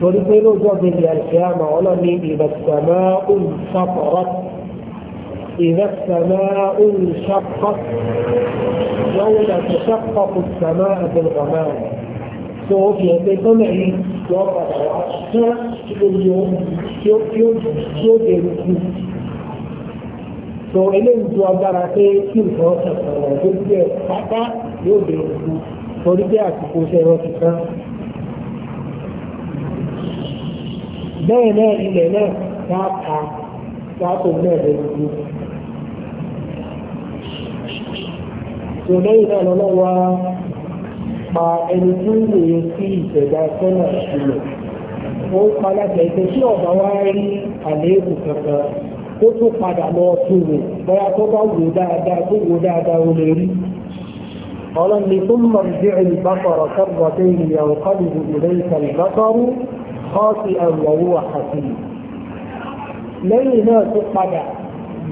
torí pé lóòjọ́ bíi àṣìyàmà ọlọ́ni ìrẹ̀sàmá olùṣàkọ̀rọ̀ ìrẹ̀sàmá olùṣàkọ̀ yọ̀wọ́ láti ṣàkọ̀ olùṣàmá àbẹ̀lùmọ̀má tó o fi ẹgbẹ́ tó mẹ́rin lọ padà wá fún gbogbo tí ó tí ó tí agbára pé kí nǹkan ọ̀sán ọ̀rọ̀ tó gbé pátá yóò dèrò kú torí pé àsìkò ṣe ti kán. bẹ́ẹ̀ náà ilẹ̀ náà wá ta látò náà lè dúró. tó lẹ́yìn náà lọ́nà wá pa ẹni tí ń wòye sí ìṣẹ̀dá sọ́nà ìṣúlẹ̀. ó pa láti ẹgbẹ́ tí ọ̀gá wá rí àléébù kankan ó tún padà lọ tún wò bóyá tó bá wò dáadáa tó wò dáadáa ó lè rí. ọlọ́ni tó mọ̀ ní ìbáfọ̀rọ̀ kọ́rọ̀ tó ìyàwó kọ́lù ìlú ìlú ìsàlẹ̀ lọ́tọ́rú kọ́ọ̀tì ẹ̀wọ̀wò àkàtìlì lẹ́yìn náà tó padà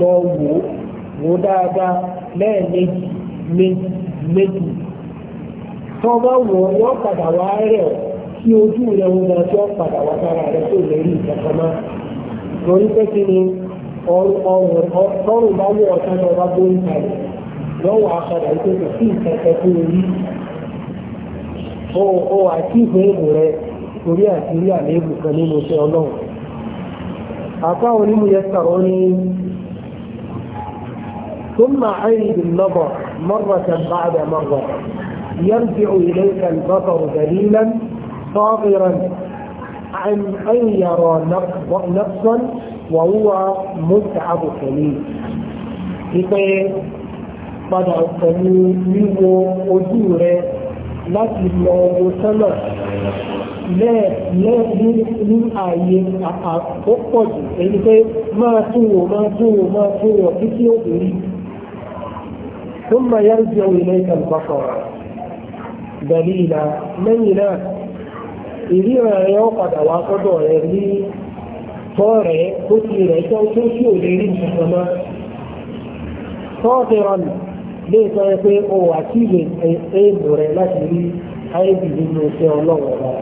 lọ wò wò dáadáa lẹ́ẹ̀mejì méjì méjì tó bá wò ó yọ padà wá rẹ̀ ọ́ kí ojú rẹ̀ ń lọ sí ọ̀padà wá sára rẹ̀ tó lè rí ìjọba máa lórí pé kí ni ọrùn bá wọ ọ̀sán náà bá gbóyún kalẹ̀ lọ́wọ́ àkàdà yìí tó kò sí ìkẹ́kẹ́ tó rí ó àti ìwé rẹ̀. kúrí àti rí àléébù kan nínú iṣẹ́ ọlọ́run apá onímù yẹn sọ̀rọ̀ ní ثم عيد النظر مرة بعد مرة يرجع إليك البصر دليلا صاغرا عن أن يرى نفسا وهو متعب سليم ipe padà pẹ̀lú wíwo ojú rẹ láti lọ wo sánà lẹ́ẹ̀ lẹ́ẹ̀ ní ààyè àpòpọ̀ jù èyí pé máa tún wò máa tún wò máa tún wò títí ó rí tó máa yára jẹ́ òun ilé ìkàlùbọ́sọ̀ dàlílà lẹ́yìn náà ìríran rẹ̀ ó padà wá sọ́dọ̀ rẹ̀ ní tọ́ọ̀rẹ́ tó ti rẹ̀ tó tó tí ò rí nǹkan mọ́ tọ́ọ̀tẹ̀rọ̀ lè sọ pé ó wà tí ìlè ẹ̀ẹ́dù rẹ̀ láti rí áìbì nínú iṣẹ́ ọlọ́wọ́ náà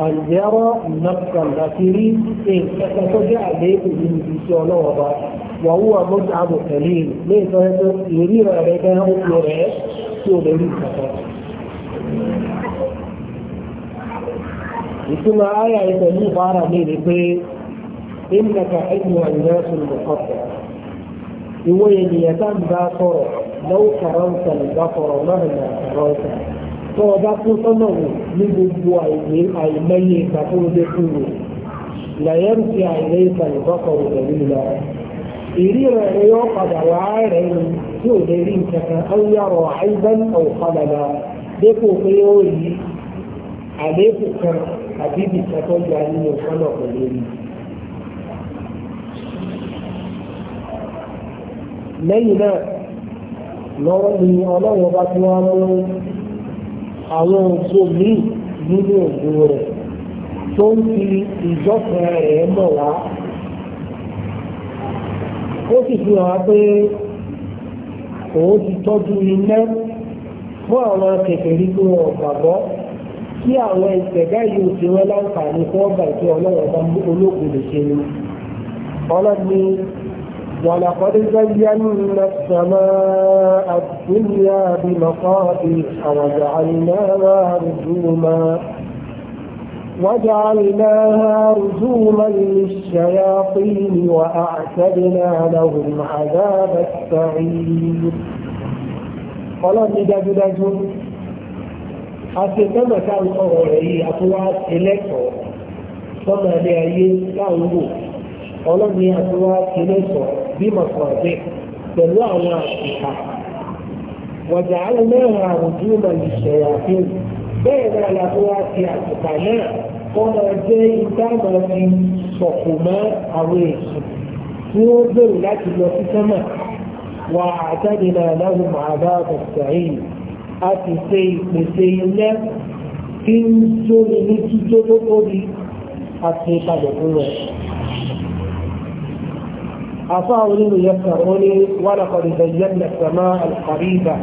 أن يرى نفسا التي إن تتجع عليه من الله وهو متعب قليل ليس يريد عليك أن يرى سوري ìtumọ̀ ayà ìpẹ̀lú ìbára mi ni pé ìnnaka ẹ̀yìn àìyáṣu lùkọ́tọ̀ ìwé ènìyàn tá ń bá sọ̀rọ̀ lọ́wọ́ kàrọ́ǹtà lùbá sọ̀rọ̀ lọ́hìnà kàrọ́ǹtà tó ọba tó sọ́nà rẹ̀ ní gbogbo àìmọye ìgbà tó lóde fún rẹ̀ lẹ́yìn tí àìlẹ́ ìgbà ìbọ́kọ̀ rẹ̀ pẹ̀lú lọ. Ìrí rẹ̀ rẹ̀ yóò padà wá rẹ̀ ni tí ò lè rí nǹkan kan ó yàrá àìbẹ́ni ọ̀padà lọ dépò pé ó yí àléébù kan àbí ibìkan tó yà nínú sọ́nà pẹ̀lú rí. Lẹ́yìn náà lọ́wọ́ ni ọlọ́run bá tí wọ́n mú àwọn ògbó míì nínú ògbó rẹ̀ tó ń fi ìjọsìn rẹ̀ mọ̀ wá. ó sì fi hàn pé òun ti tọ́jú iná fún àwọn kèfèrí tó wọn gbàgbọ́ kí àwọn ìṣẹ̀dá yìí ti wọ́n láǹfààní fún ọgbà tí ọlọ́run ológun lè ṣe ni. ọlọ́run ولقد زينا السماء الدنيا بمصابيح وجعلناها رجوما وجعلناها رجوما للشياطين وأعتدنا لهم عذاب السعير قال بدجدج أتتم كان قوله أي إليكم ثم لأيه كان ọlọ́ni àtiwá ti lè sọ bí mọ̀sọ̀rọ̀dé pẹ̀lú àwọn àṣìkà wọ̀jà alẹ́mẹ́rin àwùjọ ìmọ̀ ìṣẹ̀yà fún bẹ́ẹ̀ náà làtiwá ti àṣìkà náà kọ́ máa jẹ́ ìdáná ti sọ̀kù mọ́ àwọn èsì tí ó gbèrò láti lọ sí sọ́mà wà àtàdínà láhùn àbá ọ̀sẹ̀yìn a ti ṣe ìpèsè ilé tí ń jóni ní jíjó tó tóbi àti ìpàdé fún rẹ̀. أفأولين يفترونه ولقد زينا السماء القريبة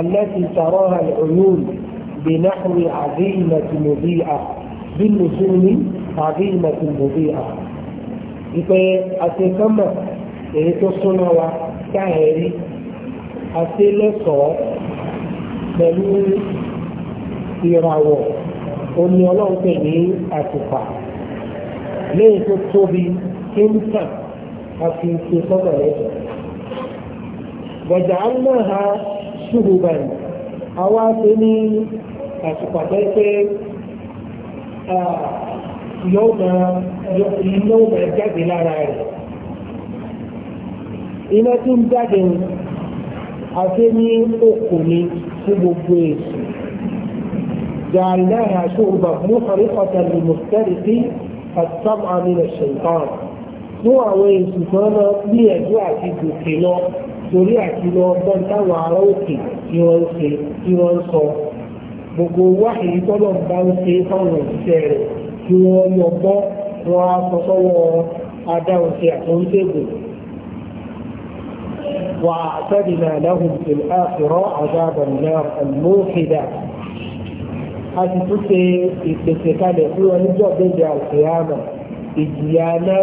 التي تراها العيون بنحو عظيمة مضيئة بالنسون عظيمة مضيئة إذا أتكما إيتوسونا وكاهري أتلسو بلو إيراو أن يلوكني أتفا ليه تطبي كم سنة àti ṣe sọ́nà lẹ́sẹ̀. Bọ̀jà náà ha ṣubú báyìí. Àwa ṣe ní àtùpàdé pé yóò máa yóò máa jáde lára rẹ̀. Iná tí ń jáde àti ní okùn ni fún gbogbo èsì. جعلناها شربا مخرقة للمفترس السمع من الشيطان fún àwọn èsì kan náà ní ẹ̀dọ́ àti gòkè lọ torí àti lọ ọgbọ́n táwọn ará òkè tí wọ́n ń ṣe tí wọ́n ń sọ gbogbo wáhìí tọ́lọ̀ bá ń ṣe fáwọn òṣìṣẹ́ rẹ̀ kí wọ́n yọ bọ́ wọn á sọ sọ́wọ́ adáhùnṣe àtúnṣègùn وأعتدنا لهم في الآخرة عذاب النار الموحدة àti tún ṣe ìpèsè kalẹ̀ fún wọn níjọ́ gbẹ̀dẹ̀ àlùkìyàmà ìjìyà náà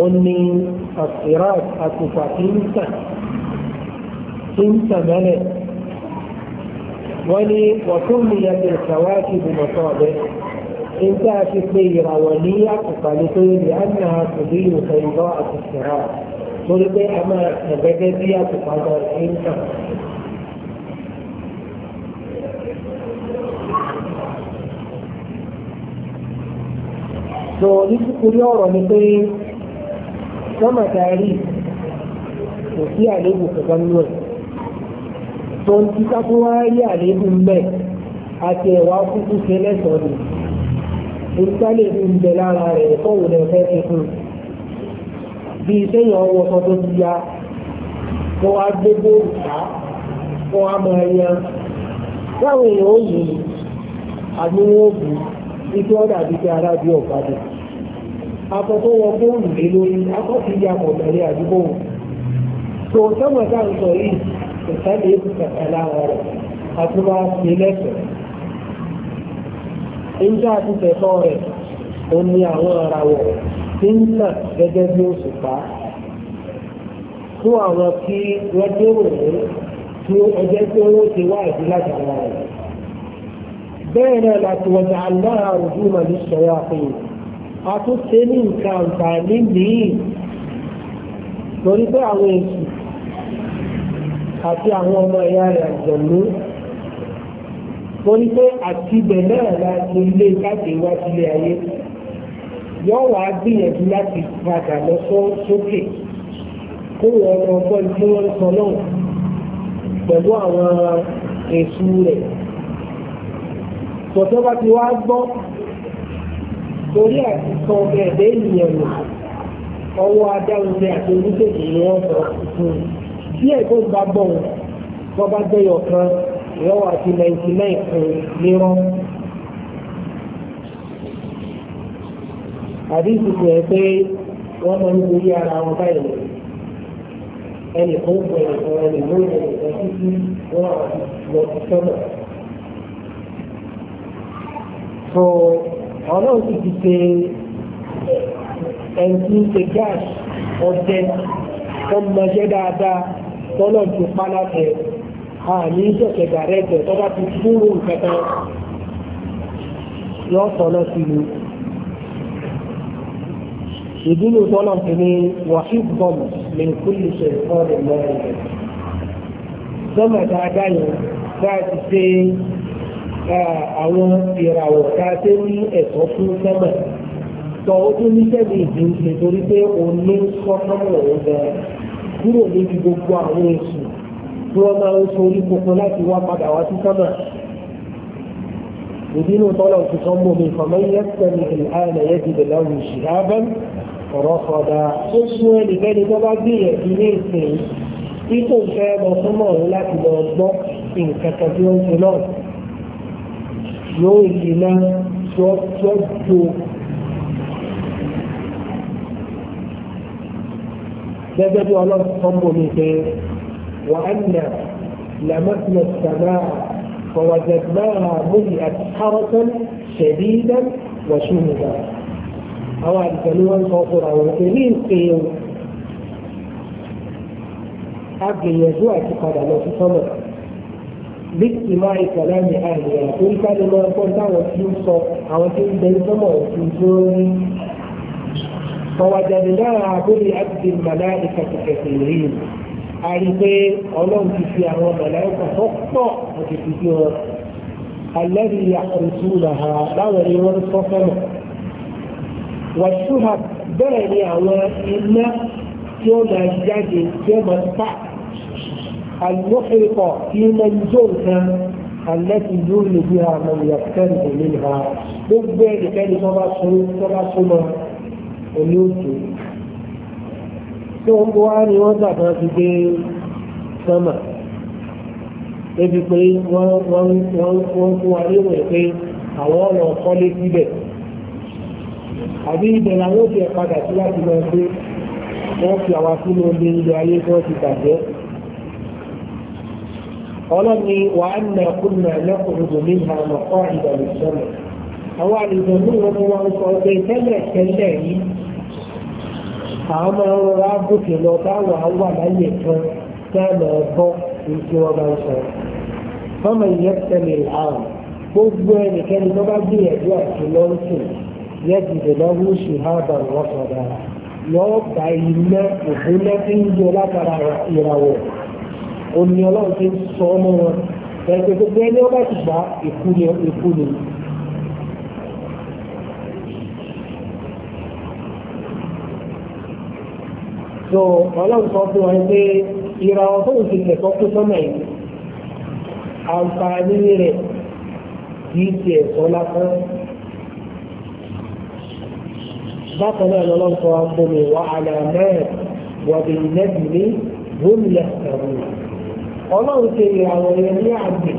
ó ní asirat àtùpà tí ń tàn tí ń tàn mẹ́lẹ̀ wọ́n ní wọ́tún mi yẹ kí ìsàwáàkì ìbùmọ̀ tó ọ̀bẹ إذا في روانية تقالتين لأنها تضيء بيضاء الصراط قلت أما نبدتي تقدر أنت So this is the sọ́mà darí kò sí àléébù kankan nù ẹ̀ tó ń ti kápẹ́ wá rí àléébù mẹ́ àti ẹ̀wà kúkú ṣe lẹ́sọ̀ọ́ ni ìtàlẹ̀ ń bẹ lára rẹ̀ kọ́wọ́ lẹ́ fẹ́ fi fún un bí sẹ́yìn ọwọ́ sọ ti ya kó wá gbé bóòlù ká kó wá máa yan láwọn èèyàn ó yìí àbí wọn ó bù ní kí wọ́n dàbí kí arábí ọ̀gbádùn aṣọ tó wọ góòlù lé lórí akọ́ ti ya ọ̀tẹ̀lẹ̀ àdúgbò tó sọ́mọ̀ tá à ń sọ yìí kò sáré èkó kàkà lára rẹ̀ àtúbà ṣe lẹ́sẹ̀ ń jẹ́ àtúntẹ̀tọ́ rẹ̀ ó ní àwọn arawọ̀ tí ń nà gẹ́gẹ́ bí òṣùpá fún àwọn tí wọ́n dérò ní tí ẹjẹ́ tí wọ́n ti wá ìdí látara rẹ̀ bẹ́ẹ̀ náà láti wọ́n ta aláàrùn jùmọ̀ ní sọ́yà fún yìí a tún ṣe ní nǹkan àǹfààní míì lórí pé àwọn èsì àti àwọn ọmọ ẹ̀yà rẹ̀ àjọ̀lú lórí pé àti ibẹ̀ náà láti ilé láti wá sílé ayé yóò wá gbìyànjú láti padà lọ sókè kó wọn lọ gbọ́ tí wọ́n sọ náà pẹ̀lú àwọn èsù rẹ̀ tọ́tọ́ bá ti wá gbọ́ torí àti ẹ̀dẹ́ ènìyàn nù ọwọ́ adáhunṣe àti oníṣègùn ni wọ́n sọ fún bí ẹ̀kọ́ bá bọ̀ wọn tó bá gbẹ̀yọ̀ kan ìrọ̀wọ́ àti náìtì náì kan nírọ́. àdìsí kò ẹ pé wọ́n máa ń ara wọn báyìí ẹnì kan kọ ẹnì kan ẹnì mú ẹnì kan títí wọn lọ sí sọ́nà ọlọ́run sì ti ṣe ẹni tí ń ṣe gáàsì ọdẹ tó mọṣẹ́ dáadáa tọ́lọ̀ ti pa láti àmì ìṣẹ̀kẹ̀ dàrẹ́tẹ̀ tó bá ti kúrò nǹkan yọ sọ̀lọ́ sí ni. ìdílé tọ́lọ̀ ti ní wàhíb bọ́m ní kúlù ṣe fọ́ọ̀rẹ̀ mọ́rin. sọ́mọ̀ dáadáa yẹn bá ti ṣe àwọn ìràwọ̀ tá a ṣe ní ẹ̀tọ́ fún sẹ́mà sọ ó tún níṣẹ́ ní ìdí nítorí pé òun ló ń kọ́ sọ́mọ̀ òun gan-an kúrò níbi gbogbo àwọn èṣù tí wọ́n máa ń sorí kókó láti wá padà wá sí sẹ́mà ìdínú tọ́lọ̀ ti sọ mú mi kọ̀ mẹ́yìn ẹ̀sẹ̀ ní ìlànà yẹ́ ti bẹ̀rẹ̀ òun ṣìdábẹ́n ọ̀rọ̀ kọ̀dà ó sún ẹnikẹ́ni tó bá gbìyànjú ní ìsìn tí kò fẹ́ lọ yóò لمسنا السماء فوجدناها ملئت حرسا شديدا وشهدا أو أن تنوى الفاطر أو قيل أبي يجوع تقال أنا في صمت باستماع كلام أهلها كل كلمة يقول دعوة يوسف أو كل بيتما يوسفون فوجدناها برئت بالملائكة كثيرين àrípé ọlọ́run ti fi àwọn mọ̀láìkà tó pọ̀ àti fìdí wọn alẹ́bí àkùrùtù làhà láwọn ni wọ́n sọ fẹ́mọ̀ wàṣúhà bẹ́ẹ̀ ni àwọn iná tí ó máa jáde tí ó máa pààkì المحيطة في منزلها التي يولد بها من يقترب منها gbogbo ẹnikẹ́ni tó bá sún tó bá súnmọ́ omi òkè tí wọ́n bọ́ wá ní wọ́n gbàgbọ́ ti dé sọ́mà débi pé wọ́n fún wa nínú ẹ̀ pé àwọn ọ̀nà kọ́lé síbẹ̀ àbí ibẹ̀ làwọn ò tiẹ̀ padà sí láti máa gbé wọ́n fi àwa sínú ilé ilé ayé tí wọ́n ti bàjẹ́ ọlọ́ni wà á nà kúnnà lẹ́kùnrin mi hà lọ́kọ́ ìdàlù sọ́nà àwọn àlejò ní wọn ni wọn sọ pé tẹ́lẹ̀ tẹ́lẹ̀ yìí àwọn máa ń rọra gòkè lọ táwọn àwọn àlàyé kan sáàmà ẹ̀bọ́ ní tí wọ́n bá ń sọ. fọ́mọ ìyẹn tẹ̀lé àrùn gbogbo ẹnikẹ́ni tó bá gbìyànjú àti lọ́ńsìn yẹ dìde lọ́wọ́ oṣù hábà wọ́n sọ̀dá lọ́ọ́ gba iná òfin lẹ́sìn òní ọlọ́run ti ń sọ ọmọ wọn ẹgbẹ́ gbogbo ẹni ọba ti gbà èkú ni èkú ni. so ọlọ́run sọ fún wọn pé ìra ọdún ìṣẹ̀lẹ̀ tó kú sọ́nà yìí àǹfààní rẹ̀ kìí ṣe ẹ̀kọ́ lásán. bákan náà lọ́lọ́run sọ fún mi wà mẹ́rin wà bí nẹ́bí ní gómìnà ìṣàkóso ọlọ́run ṣe ìràwọ̀ yẹn ní àmì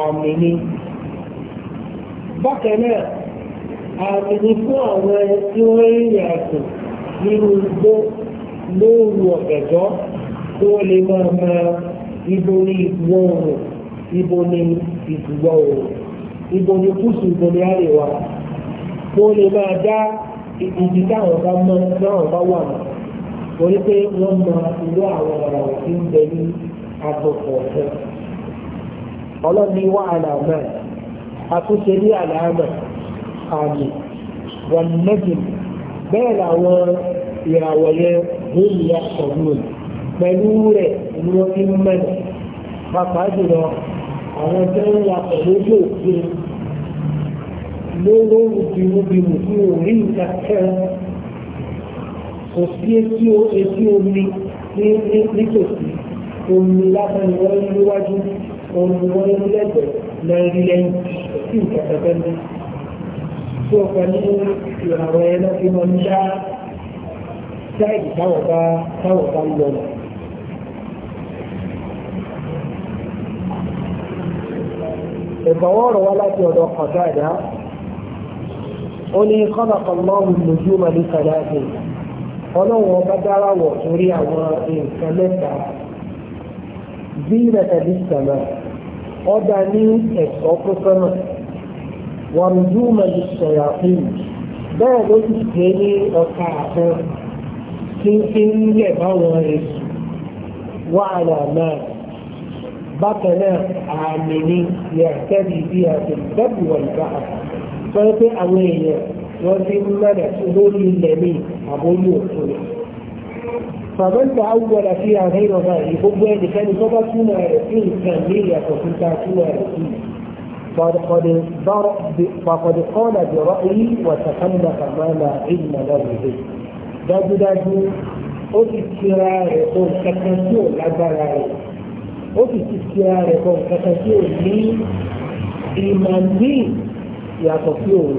àmì ni bákan náà àmì ni fún àwọn tí wọ́n ń rìn àjò nínú igbó lóòrù ọ̀gẹ̀dọ́ kí wọ́n lè máa mọ ibo ní ìwọ̀ oòrùn ibo ní ìdùgbọ̀ oòrùn ibo ní gúúsù ibo ní àríwá kí lè máa dá ibi táwọn bá mọ táwọn bá wà mọ́ torí pé wọ́n mọ irú àwọn ọ̀rọ̀ tí ń bẹ ní àtòkò ọ̀fẹ́. ọlọ́ni wà àlàmà àtúnṣe ní àlàmà àmì wọn mẹ́jì bẹ́ẹ̀ làwọn ìràwọ̀ yẹn lórí àtọ̀gbọ̀n pẹ̀lú rẹ̀ ni wọ́n fi ń mẹ́lẹ̀ pàápàá jùlọ àwọn tó ń ya pẹ̀lú ojú òfin lóró ìbìmùbìmù tí ò rí ìta kẹrin kò sí etí omi ní nítòsí omi lásán ni wọ́n rí níwájú omi wọ́n rí lẹ́gbẹ̀ẹ́ lẹ́rí lẹ́yìn sí ìkẹ̀kẹ̀kẹ́ ní. tí ó kọ ní ìràwọ̀ ẹ̀ náà fi mọ́ ní dá sáìdì táwọ̀ bá táwọ̀ bá lọ nù. ìbọ̀wọ́rọ̀ wá láti ọ̀dọ̀ kọ̀dáàdá ó ní kọ́nàkọ̀ lọ́rùn lójú màlúkà láti ọlọ́run ọba dára wọ̀ torí àwọn nǹkan mẹ́ta زينة للسماء أدني أسقطنا ورجوما للشياطين بعد الجني وكعفر سنسن لبوارس وعلامات بطنا عاملين يهتدي بها في البر والبحر فيطئ وين وفي الملك أولي اليمين أبو يوسف فمن تعول فيها غير ذلك gbogbo ẹnikẹ́ni tó bá túmọ̀ rẹ̀ sí nǹkan ní ìyàtọ̀ tó ta túmọ̀ rẹ̀ sí فقد قال برأيه وتكلف ما لا علم له به dájúdájú ó ti tira rẹ̀ tó kankan tí ò lágbára rẹ̀ ó ti ti tira rẹ̀ tó kankan tí ò ní ìmọ̀ ní ìyàtọ̀ sí òun.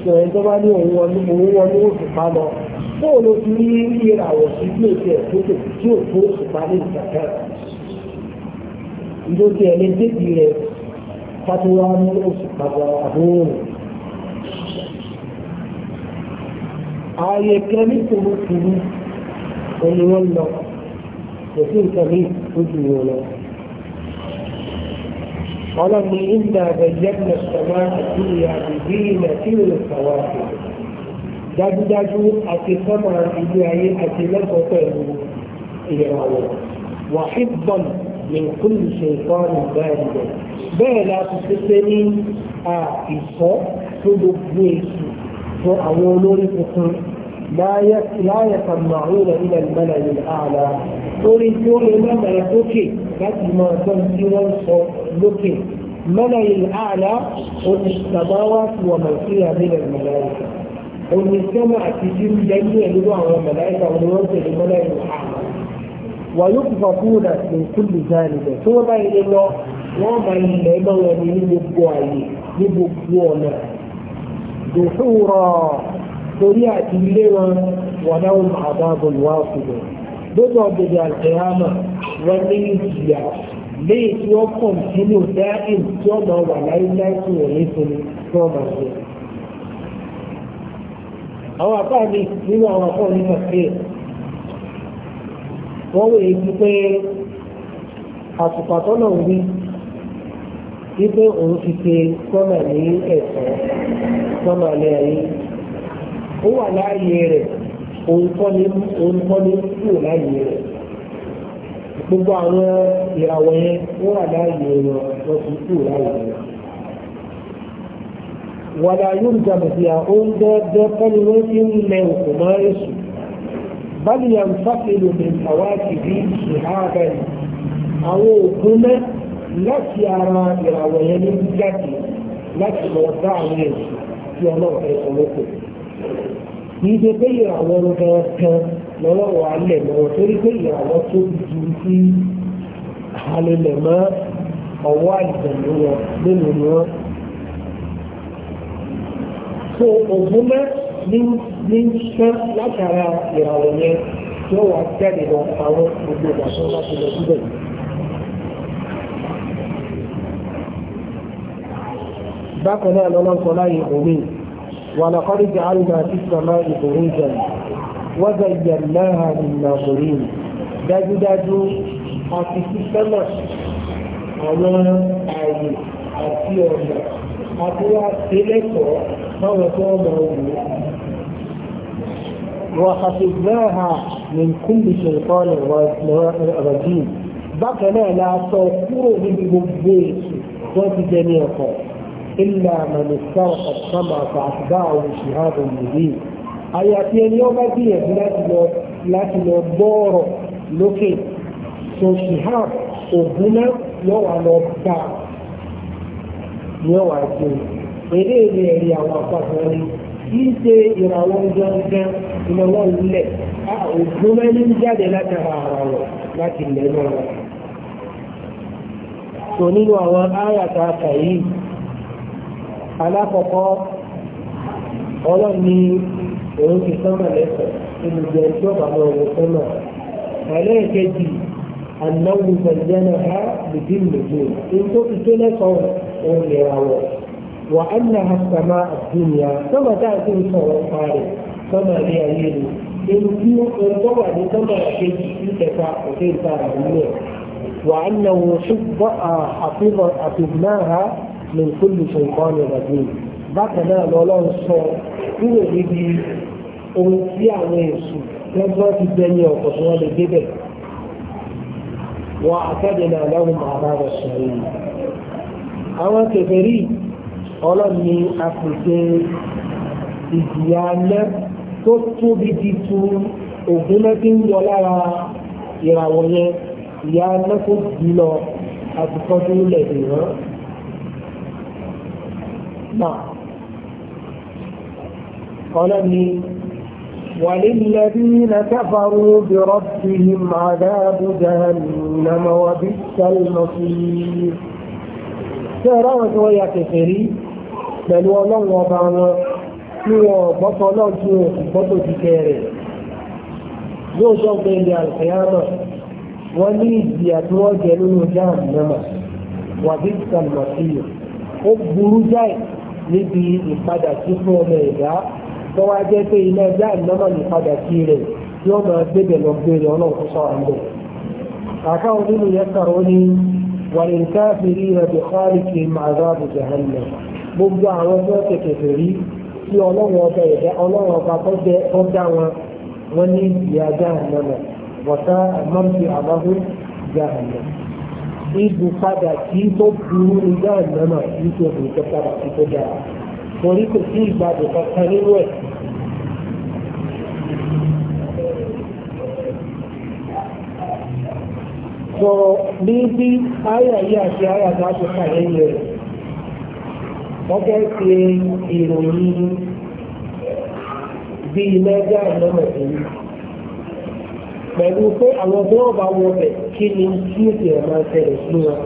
sọ̀rọ̀ tó bá ní òun wọnú òun wọnú òṣùpá lọ bóòlù ti ní ìràwọ̀ sí bí òkè ẹ̀kọ́tò tí ò tó òṣùpá ní ìkàkẹ́ ìlú ti ẹ̀lẹ́ débi rẹ̀ fatuwa ní òṣùpá àbóòrùn. ààyè kan ní tòlótòló òní wọn lọ kò sí nǹkan ní ìtòjú wọn lọ. ọlọ́run ní ìgbà àgbẹ̀jẹ̀ náà sọ̀rọ̀ àti ìyàgbé bí ilẹ̀ tí ò sọ̀rọ̀ àti ìyàgbé dájúdájú àti sọ́mà ilé ayé àti lẹ́kọ̀ọ́ pẹ̀lú ìràwọ̀ wàhíbọ̀n lè kún ìṣe ìfọ́nù báyìí rẹ̀ bẹ́ẹ̀ la ti pépé ní àìsọ́ tó gbogbo èsì fún àwọn olórí tuntun láyé sàmàrún rẹ̀ nílẹ̀ mẹ́lẹ̀ yìí ààlà torí tí ó lè mẹ́lẹ̀ lókè láti máa gbọ́n tí wọ́n sọ lókè mẹ́lẹ̀ yìí ààlà ó ti sàmáwá tí wọ́n mọ̀ sí àmì rẹ̀ mẹ́lẹ̀ oní sọ́mà àti jírí dẹ́gbẹ́ ẹ̀ nínú àwọn mọ̀láìkà wọn ni wọ́n tẹ̀lé mọ́láìkà àmà wà yóò fà fún un àti ìkúlù jáde bẹ̀ tí wọ́n bá yẹ lọ wọ́n máa ilẹ̀ mọ́ wọn ní gbogbo àyè ní gbogbo ọ̀nà dùhúrọ̀ torí àti ilé wọn wà náà wọn àbábọ̀ wá fúnbẹ̀ lójú ọ̀gbẹ̀dẹ̀ àlùkẹ́hámà wọ́n ní ìjìyà léyìí tí wọ́n kọ̀ǹtínú dáìn tí wọ́n máa wà láyé láìpẹ́ tí wọ́n máa àwọn àpá mi nínú àwọn àpá ní mọ̀ sí wọ́n wòye sí pé àtùpà tọ́nà wí wípé òun ti ní ẹ̀sán sọ́nà ní ayé ó wà láàyè rẹ̀ òun kọ́ ní kúrò láàyè rẹ̀ gbogbo àwọn ìràwọ̀ yẹn wàlá yurja màtíà ó ń dẹ́ẹ́dẹ́ fẹ́ni wọ́n ti ń lẹ òkú máa èṣù báyìí yàn fásilu ní àwáàkì bí ìhàbà yìí àwọn òkun náà láti ara ìràwọ̀ yẹn ní jáde láti lọ dá àwọn èṣù tí ọlọ́run ẹ̀ sọ̀rọ̀ kò ṣe pé ìràwọ̀ gangan lọ́lọ́wọ́ alẹ̀ lọ́wọ́ torí pé ìràwọ̀ tó ju sí alẹ́lẹ̀ mọ́ ọwọ́ àìsàn ló wọ lónìí wọn tó ògùn náà ní sán látara ìràwọ̀ yẹn tí ó wà jáde lọ àwọn gbogbo ìdàsọ́ láti lọ síbẹ̀. bákan náà lọ́nà ń sọ láyé òní ولقد جعلنا في السماء بروجا وزيناها للناظرين dájúdájú àti sísẹ́mà àwọn ààyè àti ọ̀nà àti wá sílẹ̀kọ̀ọ́ fáwọn tó wọ́n máa wù wọ́n hafidnaha min kulli shaytan rajim bákan náà la sọ kúrò níbi gbogbo èsì wọ́n ti jẹ ní ẹ̀kọ́ إلا من استرق السمع فأتبعه شهاب مبين àyàfi ẹni ọba gbìyànjú láti lọ gbọ́ọ̀rọ̀ lókè tó ṣìhàn ògúnná yọ̀wà lọ gbà yọ̀wà jẹun. pẹ̀lú èrè ẹ̀rí àwọn àpapọ̀ ni kì ṣe ìràwọ̀ gángan ìràwọ̀ ilẹ̀ ògùn mẹ́ni ń jáde látara ara rẹ̀ láti ilẹ̀ náà rẹ̀. sọ nínú àwọn áyàtà àkàyè alákọ̀ọ́kọ́ ọlọ́ni òun ti sọ́mà lẹ́sọ̀ọ́ olùgbé ẹjọ́ bàbá ọ̀rọ̀ sọ́mà ẹlẹ́ẹ̀kejì anáwó gbẹ̀jẹ̀ náà bìbí nìjú ní tó fi tó òun lè ra wọ̀. وأنها السماء الدنيا ثم تأتي صورة طارئ ثم ليمين إن انطبع لسمع شيء في وكيف تعمل وأنه حفظ حفظ حفظناها من كل شيطان رجيم بكنا لولون صور كل الذي أوتي عليه السوء لما الدنيا وقصوان الجبل وأعتدنا لهم عذاب الشهيد أما كفرين ọlọ́run ni a kò ṣe ìjìyà alẹ́ tó tóbi di tu ògùn náà ti ń yọ lára ìràwọ̀ yẹn ìyá alẹ́ tó jù lọ àtúkọ́ lẹ̀ dè rán. Náà ọlọ́run ni وللذين كفروا بربهم عذاب جهنم وبئس المصير. Ṣé ọ̀rọ̀ àwọn tí wọ́n ya kẹfẹ́ rí pẹ̀lú ọlọ́run ọba wọn tí wọn ọ̀gbọ́tọ̀ náà tí wọn kò gbọ́tọ̀ ti kẹ́ rẹ̀ yóò sọ pé ilẹ̀ àlùfẹ́yàmà wọ́n ní ìdí àti wọ́n jẹ nínú jáàmù náà wàbí sàlùmọ̀síyò ó burú jáì níbi ìpadà sí fún ọmọ ẹ̀dá tó wá jẹ́ pé ilẹ̀ jáàmù náà nípadà sí rẹ̀ yóò máa gbébẹ̀ lọ gbére ọlọ́run tó sọ àmọ́ àkáwọn nínú yẹn kàró ní wàlẹ̀ nǹkan rẹ̀ bí kọ́ọ̀lì kì í máa jẹ́ hàn náà gbogbo àwọn ọmọ kẹkẹ̀kẹ̀ rí tí ọlọ́run ọba ẹ̀dá ọlọ́run ọba tó jẹ́ ọjà wọn wọn ní ìyá jahannama wọ̀tá mọ́mí àbáhù jahannama. Ibu padà tí tó burú ní jahannama ní tó burú tó padà tí tó dára. Torí kò sí ìgbàdùn kankan nínú ẹ̀. Sọ ní bí ayé ayé àti ayé àti àti àyẹ̀yẹ rẹ̀ wọ́n fẹ́ ṣe ìròyìn bíi mẹ́gà ìlọ́mọ̀tò pẹ̀lú pé àwọn tó wọ́n bá wọ bẹ̀ kí ni kí èsì rẹ̀ máa ṣẹlẹ̀ sí wọn.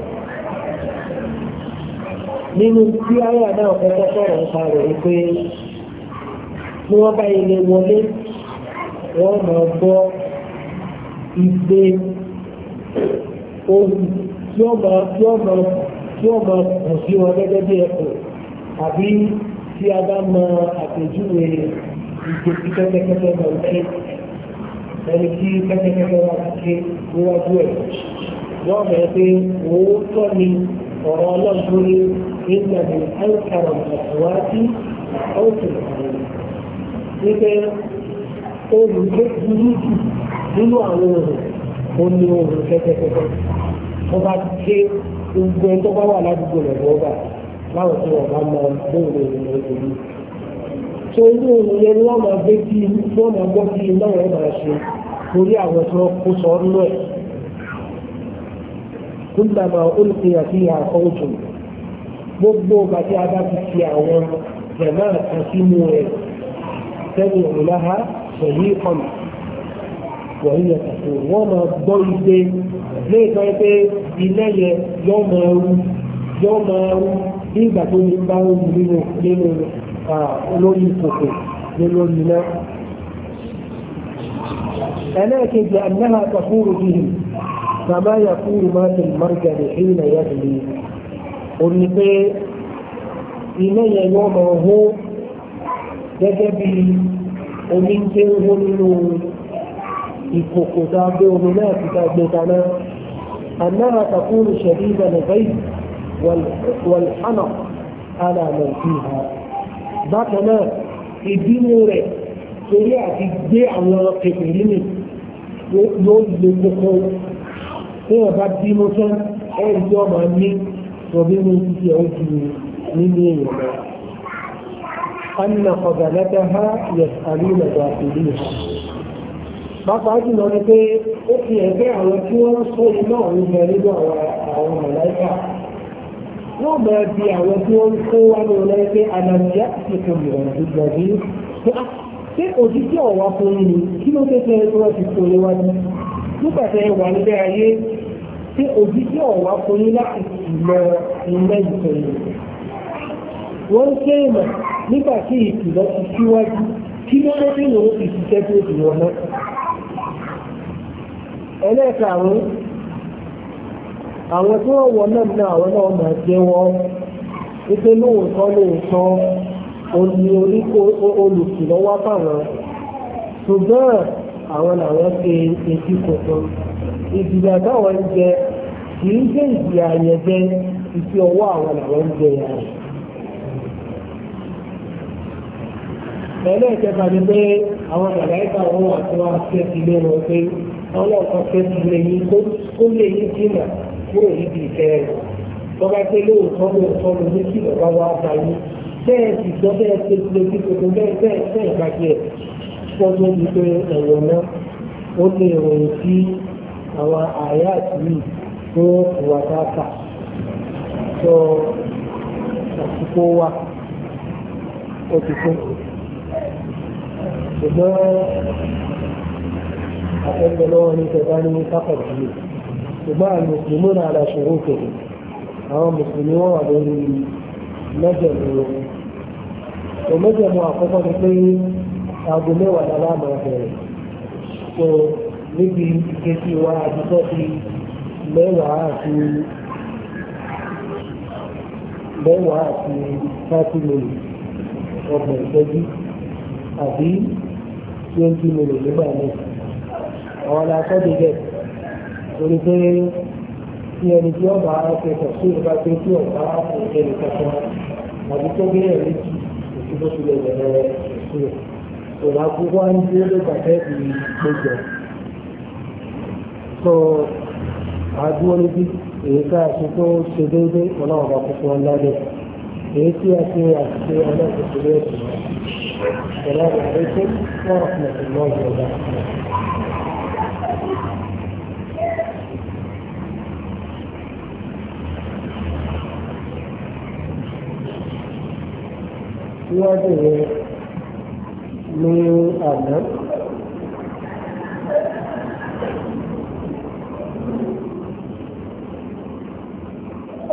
nínú tí àyà náà kọ́kọ́ sọ̀rọ̀ nípa rẹ̀ ni pé bí wọ́n bá ilé wọlé wọ́n máa gbọ́ ìgbé ohun tí ó máa kù sí wọn gẹ́gẹ́ bí ẹkùn àbí tí a bá mọ àpèjúwe ìgbè tí kẹ́kẹ́kẹ́kẹ́ lọ ké ẹni tí kẹ́kẹ́kẹ́kẹ́ wá ké níwájú ẹ̀ wọ́n mọ̀ pé òótọ́ ni ọ̀rọ̀ ọlọ́run ní nígbà tí àìsàrọ̀ àwájú ọ̀sẹ̀ wípé olùgbé burú jù nínú àwọn òrùn ó ní òrùn kẹ́kẹ́kẹ́kẹ́ wọ́n bá ké gbogbo ẹni tó bá wà ládùúgbò rẹ̀ lọ́gbà láwọn tí wọ́n bá mọ bóòlù ìrìnà ìrìnà tó inú ìrìnà ni wọ́n máa gbé bí wọ́n máa gbọ́ bí iná wọn máa ṣe torí àwọn tí wọ́n kó sọ ọ́nú ẹ̀ kúndàmà olùkí àti àkọ́ òjò gbogbo bàtí a ti fi àwọn jẹ̀mọ́ kan sínú rẹ̀ sẹ́yìn òmìnira pẹ̀lú ìkọlù wọ̀nyí yẹn kàtó wọ́n máa gbọ́ igbe lẹ́yìn tó yẹ pé ilé yẹn yọ́ máa rú yọ́ máa rú bí ìgbà tó ní bá ń mú nínú nínú olórí ìkòkò nínú ìná ẹlẹ́ẹ̀kejì àmìnáhà kàfúrù bíi màmá yà fúrù máa tẹ̀lé márùgà ní ìrìnà yà tẹ̀lé ó pé iná yẹn yọ máa hó gẹ́gẹ́ bí omi ń ké hó nínú ìkòkò tá a gbé omi náà ti ta gbé kaná àmìnáhà kàfúrù ṣẹ̀dí ìbànújẹ́ yìí والحنق على من فيها bákan náà ìbínú rẹ̀ torí àti gbé àwọn kékeré mi yóò le koko tí wọ́n bá bínú tán ẹ̀rí yóò máa ní tọ́bínú títí ẹ̀ ojú nínú èèyàn lọ. anna kọ̀dàlẹ́tẹ̀ ha yẹ̀sàlú lẹ̀dọ̀ àtìlú ha. bàbá jùlọ ni pé ó fi ẹgbẹ́ àwọn tí wọ́n ń sọ iná òun bẹ nínú àwọn mọ̀láìkà yóò máa di àwọn tí wọ́n kó wá ní ọlọ́yẹ pé àlàyé àtìkò mìíràn ìgbà bí pé òjijì ọ̀wá fún mi kí ló dé tẹ́ wọ́n ti kó léwájú nígbà tẹ́ wà nílé ayé pé òjijì ọ̀wá fún yín láti lọ ilé ìtọ́jú wọ́n ń ìmọ̀ nígbà tí ìkìlọ̀ ti síwájú kí ló dé tẹ́ ti ṣiṣẹ́ tó ti wọ̀ náà ẹlẹ́ẹ̀karùn àwọn tí wọ́n wọ náà náà àwọn náà máa jẹ́wọ́ wípé lóòótọ́ lóòótọ́ oní olùkìlọ̀ wá fáwọn ṣùgbọ́n àwọn làwọn ṣe ètí kọ̀ọ̀kan ìjìyà táwọn ń jẹ kì í jẹ́ ìfi ọwọ́ àwọn làwọn ń jẹ yàrá. pé àwọn wọn wà tí wọ́n á fẹ́ sílé pé ọlọ́ọ̀kan kúrò níbi ìfẹ́ rẹ̀ tọ́ba pé lóòótọ́ lóòótọ́ ló ní kí bàbá wa bá yín bẹ́ẹ̀ sì gbọ́ bẹ́ẹ̀ ṣe ti lè fi gbogbo bẹ́ẹ̀ bẹ́ẹ̀ bẹ́ẹ̀ bá tiẹ̀ fọ́jú ní pé ẹ̀rọ náà ó lè ròyìn sí àwọn àyà àtìlú tó wà dáadáa sọ àsìkò wa ó ti fún ṣùgbọ́n àtẹ́gbẹ́ lọ́wọ́ ní tẹ̀gbá ní sápọ̀ jùlọ ṣùgbọ́n àwọn mùsùlùmí náà la ṣòro kèrè àwọn mùsùlùmí wọn wà lórí mẹ́jẹ̀mú wọn. tó mẹ́jẹ̀mú àkọ́kọ́ ni pé aago mẹ́wàá la láàmú ọ̀bẹ̀rẹ̀ tó níbi ìgbésí wa àdúgbò ti mẹ́wàá àti mẹ́wàá àti thirty minutes ọgbọ̀n ìtọ́jú àbí twenty minutes nígbà náà àwọn aláṣọ́ dé bẹ́ẹ̀ torí pé tí ẹni tí ọba ẹsẹ̀ tẹ̀sí ìgbà pé tí ọba ẹsẹ̀ lè kankan àbí tó gbé ẹ̀rí jù èsì bó ti lè bẹ̀rẹ̀ ẹ̀sìn rẹ̀ òun àkókò á ń dé ló gbàgbé ìgbẹ́jọ. tó àdúró níbi èyí tá a ṣe tó ṣe déédéé ọlọ́run bá kókó ńlá dẹ̀ èyí tí a ṣe àṣìṣe ọlọ́run tó ṣe lé ẹ̀sìn rẹ̀. السلام عليكم ورحمة الله وبركاته síwájú rẹ̀ ní àná.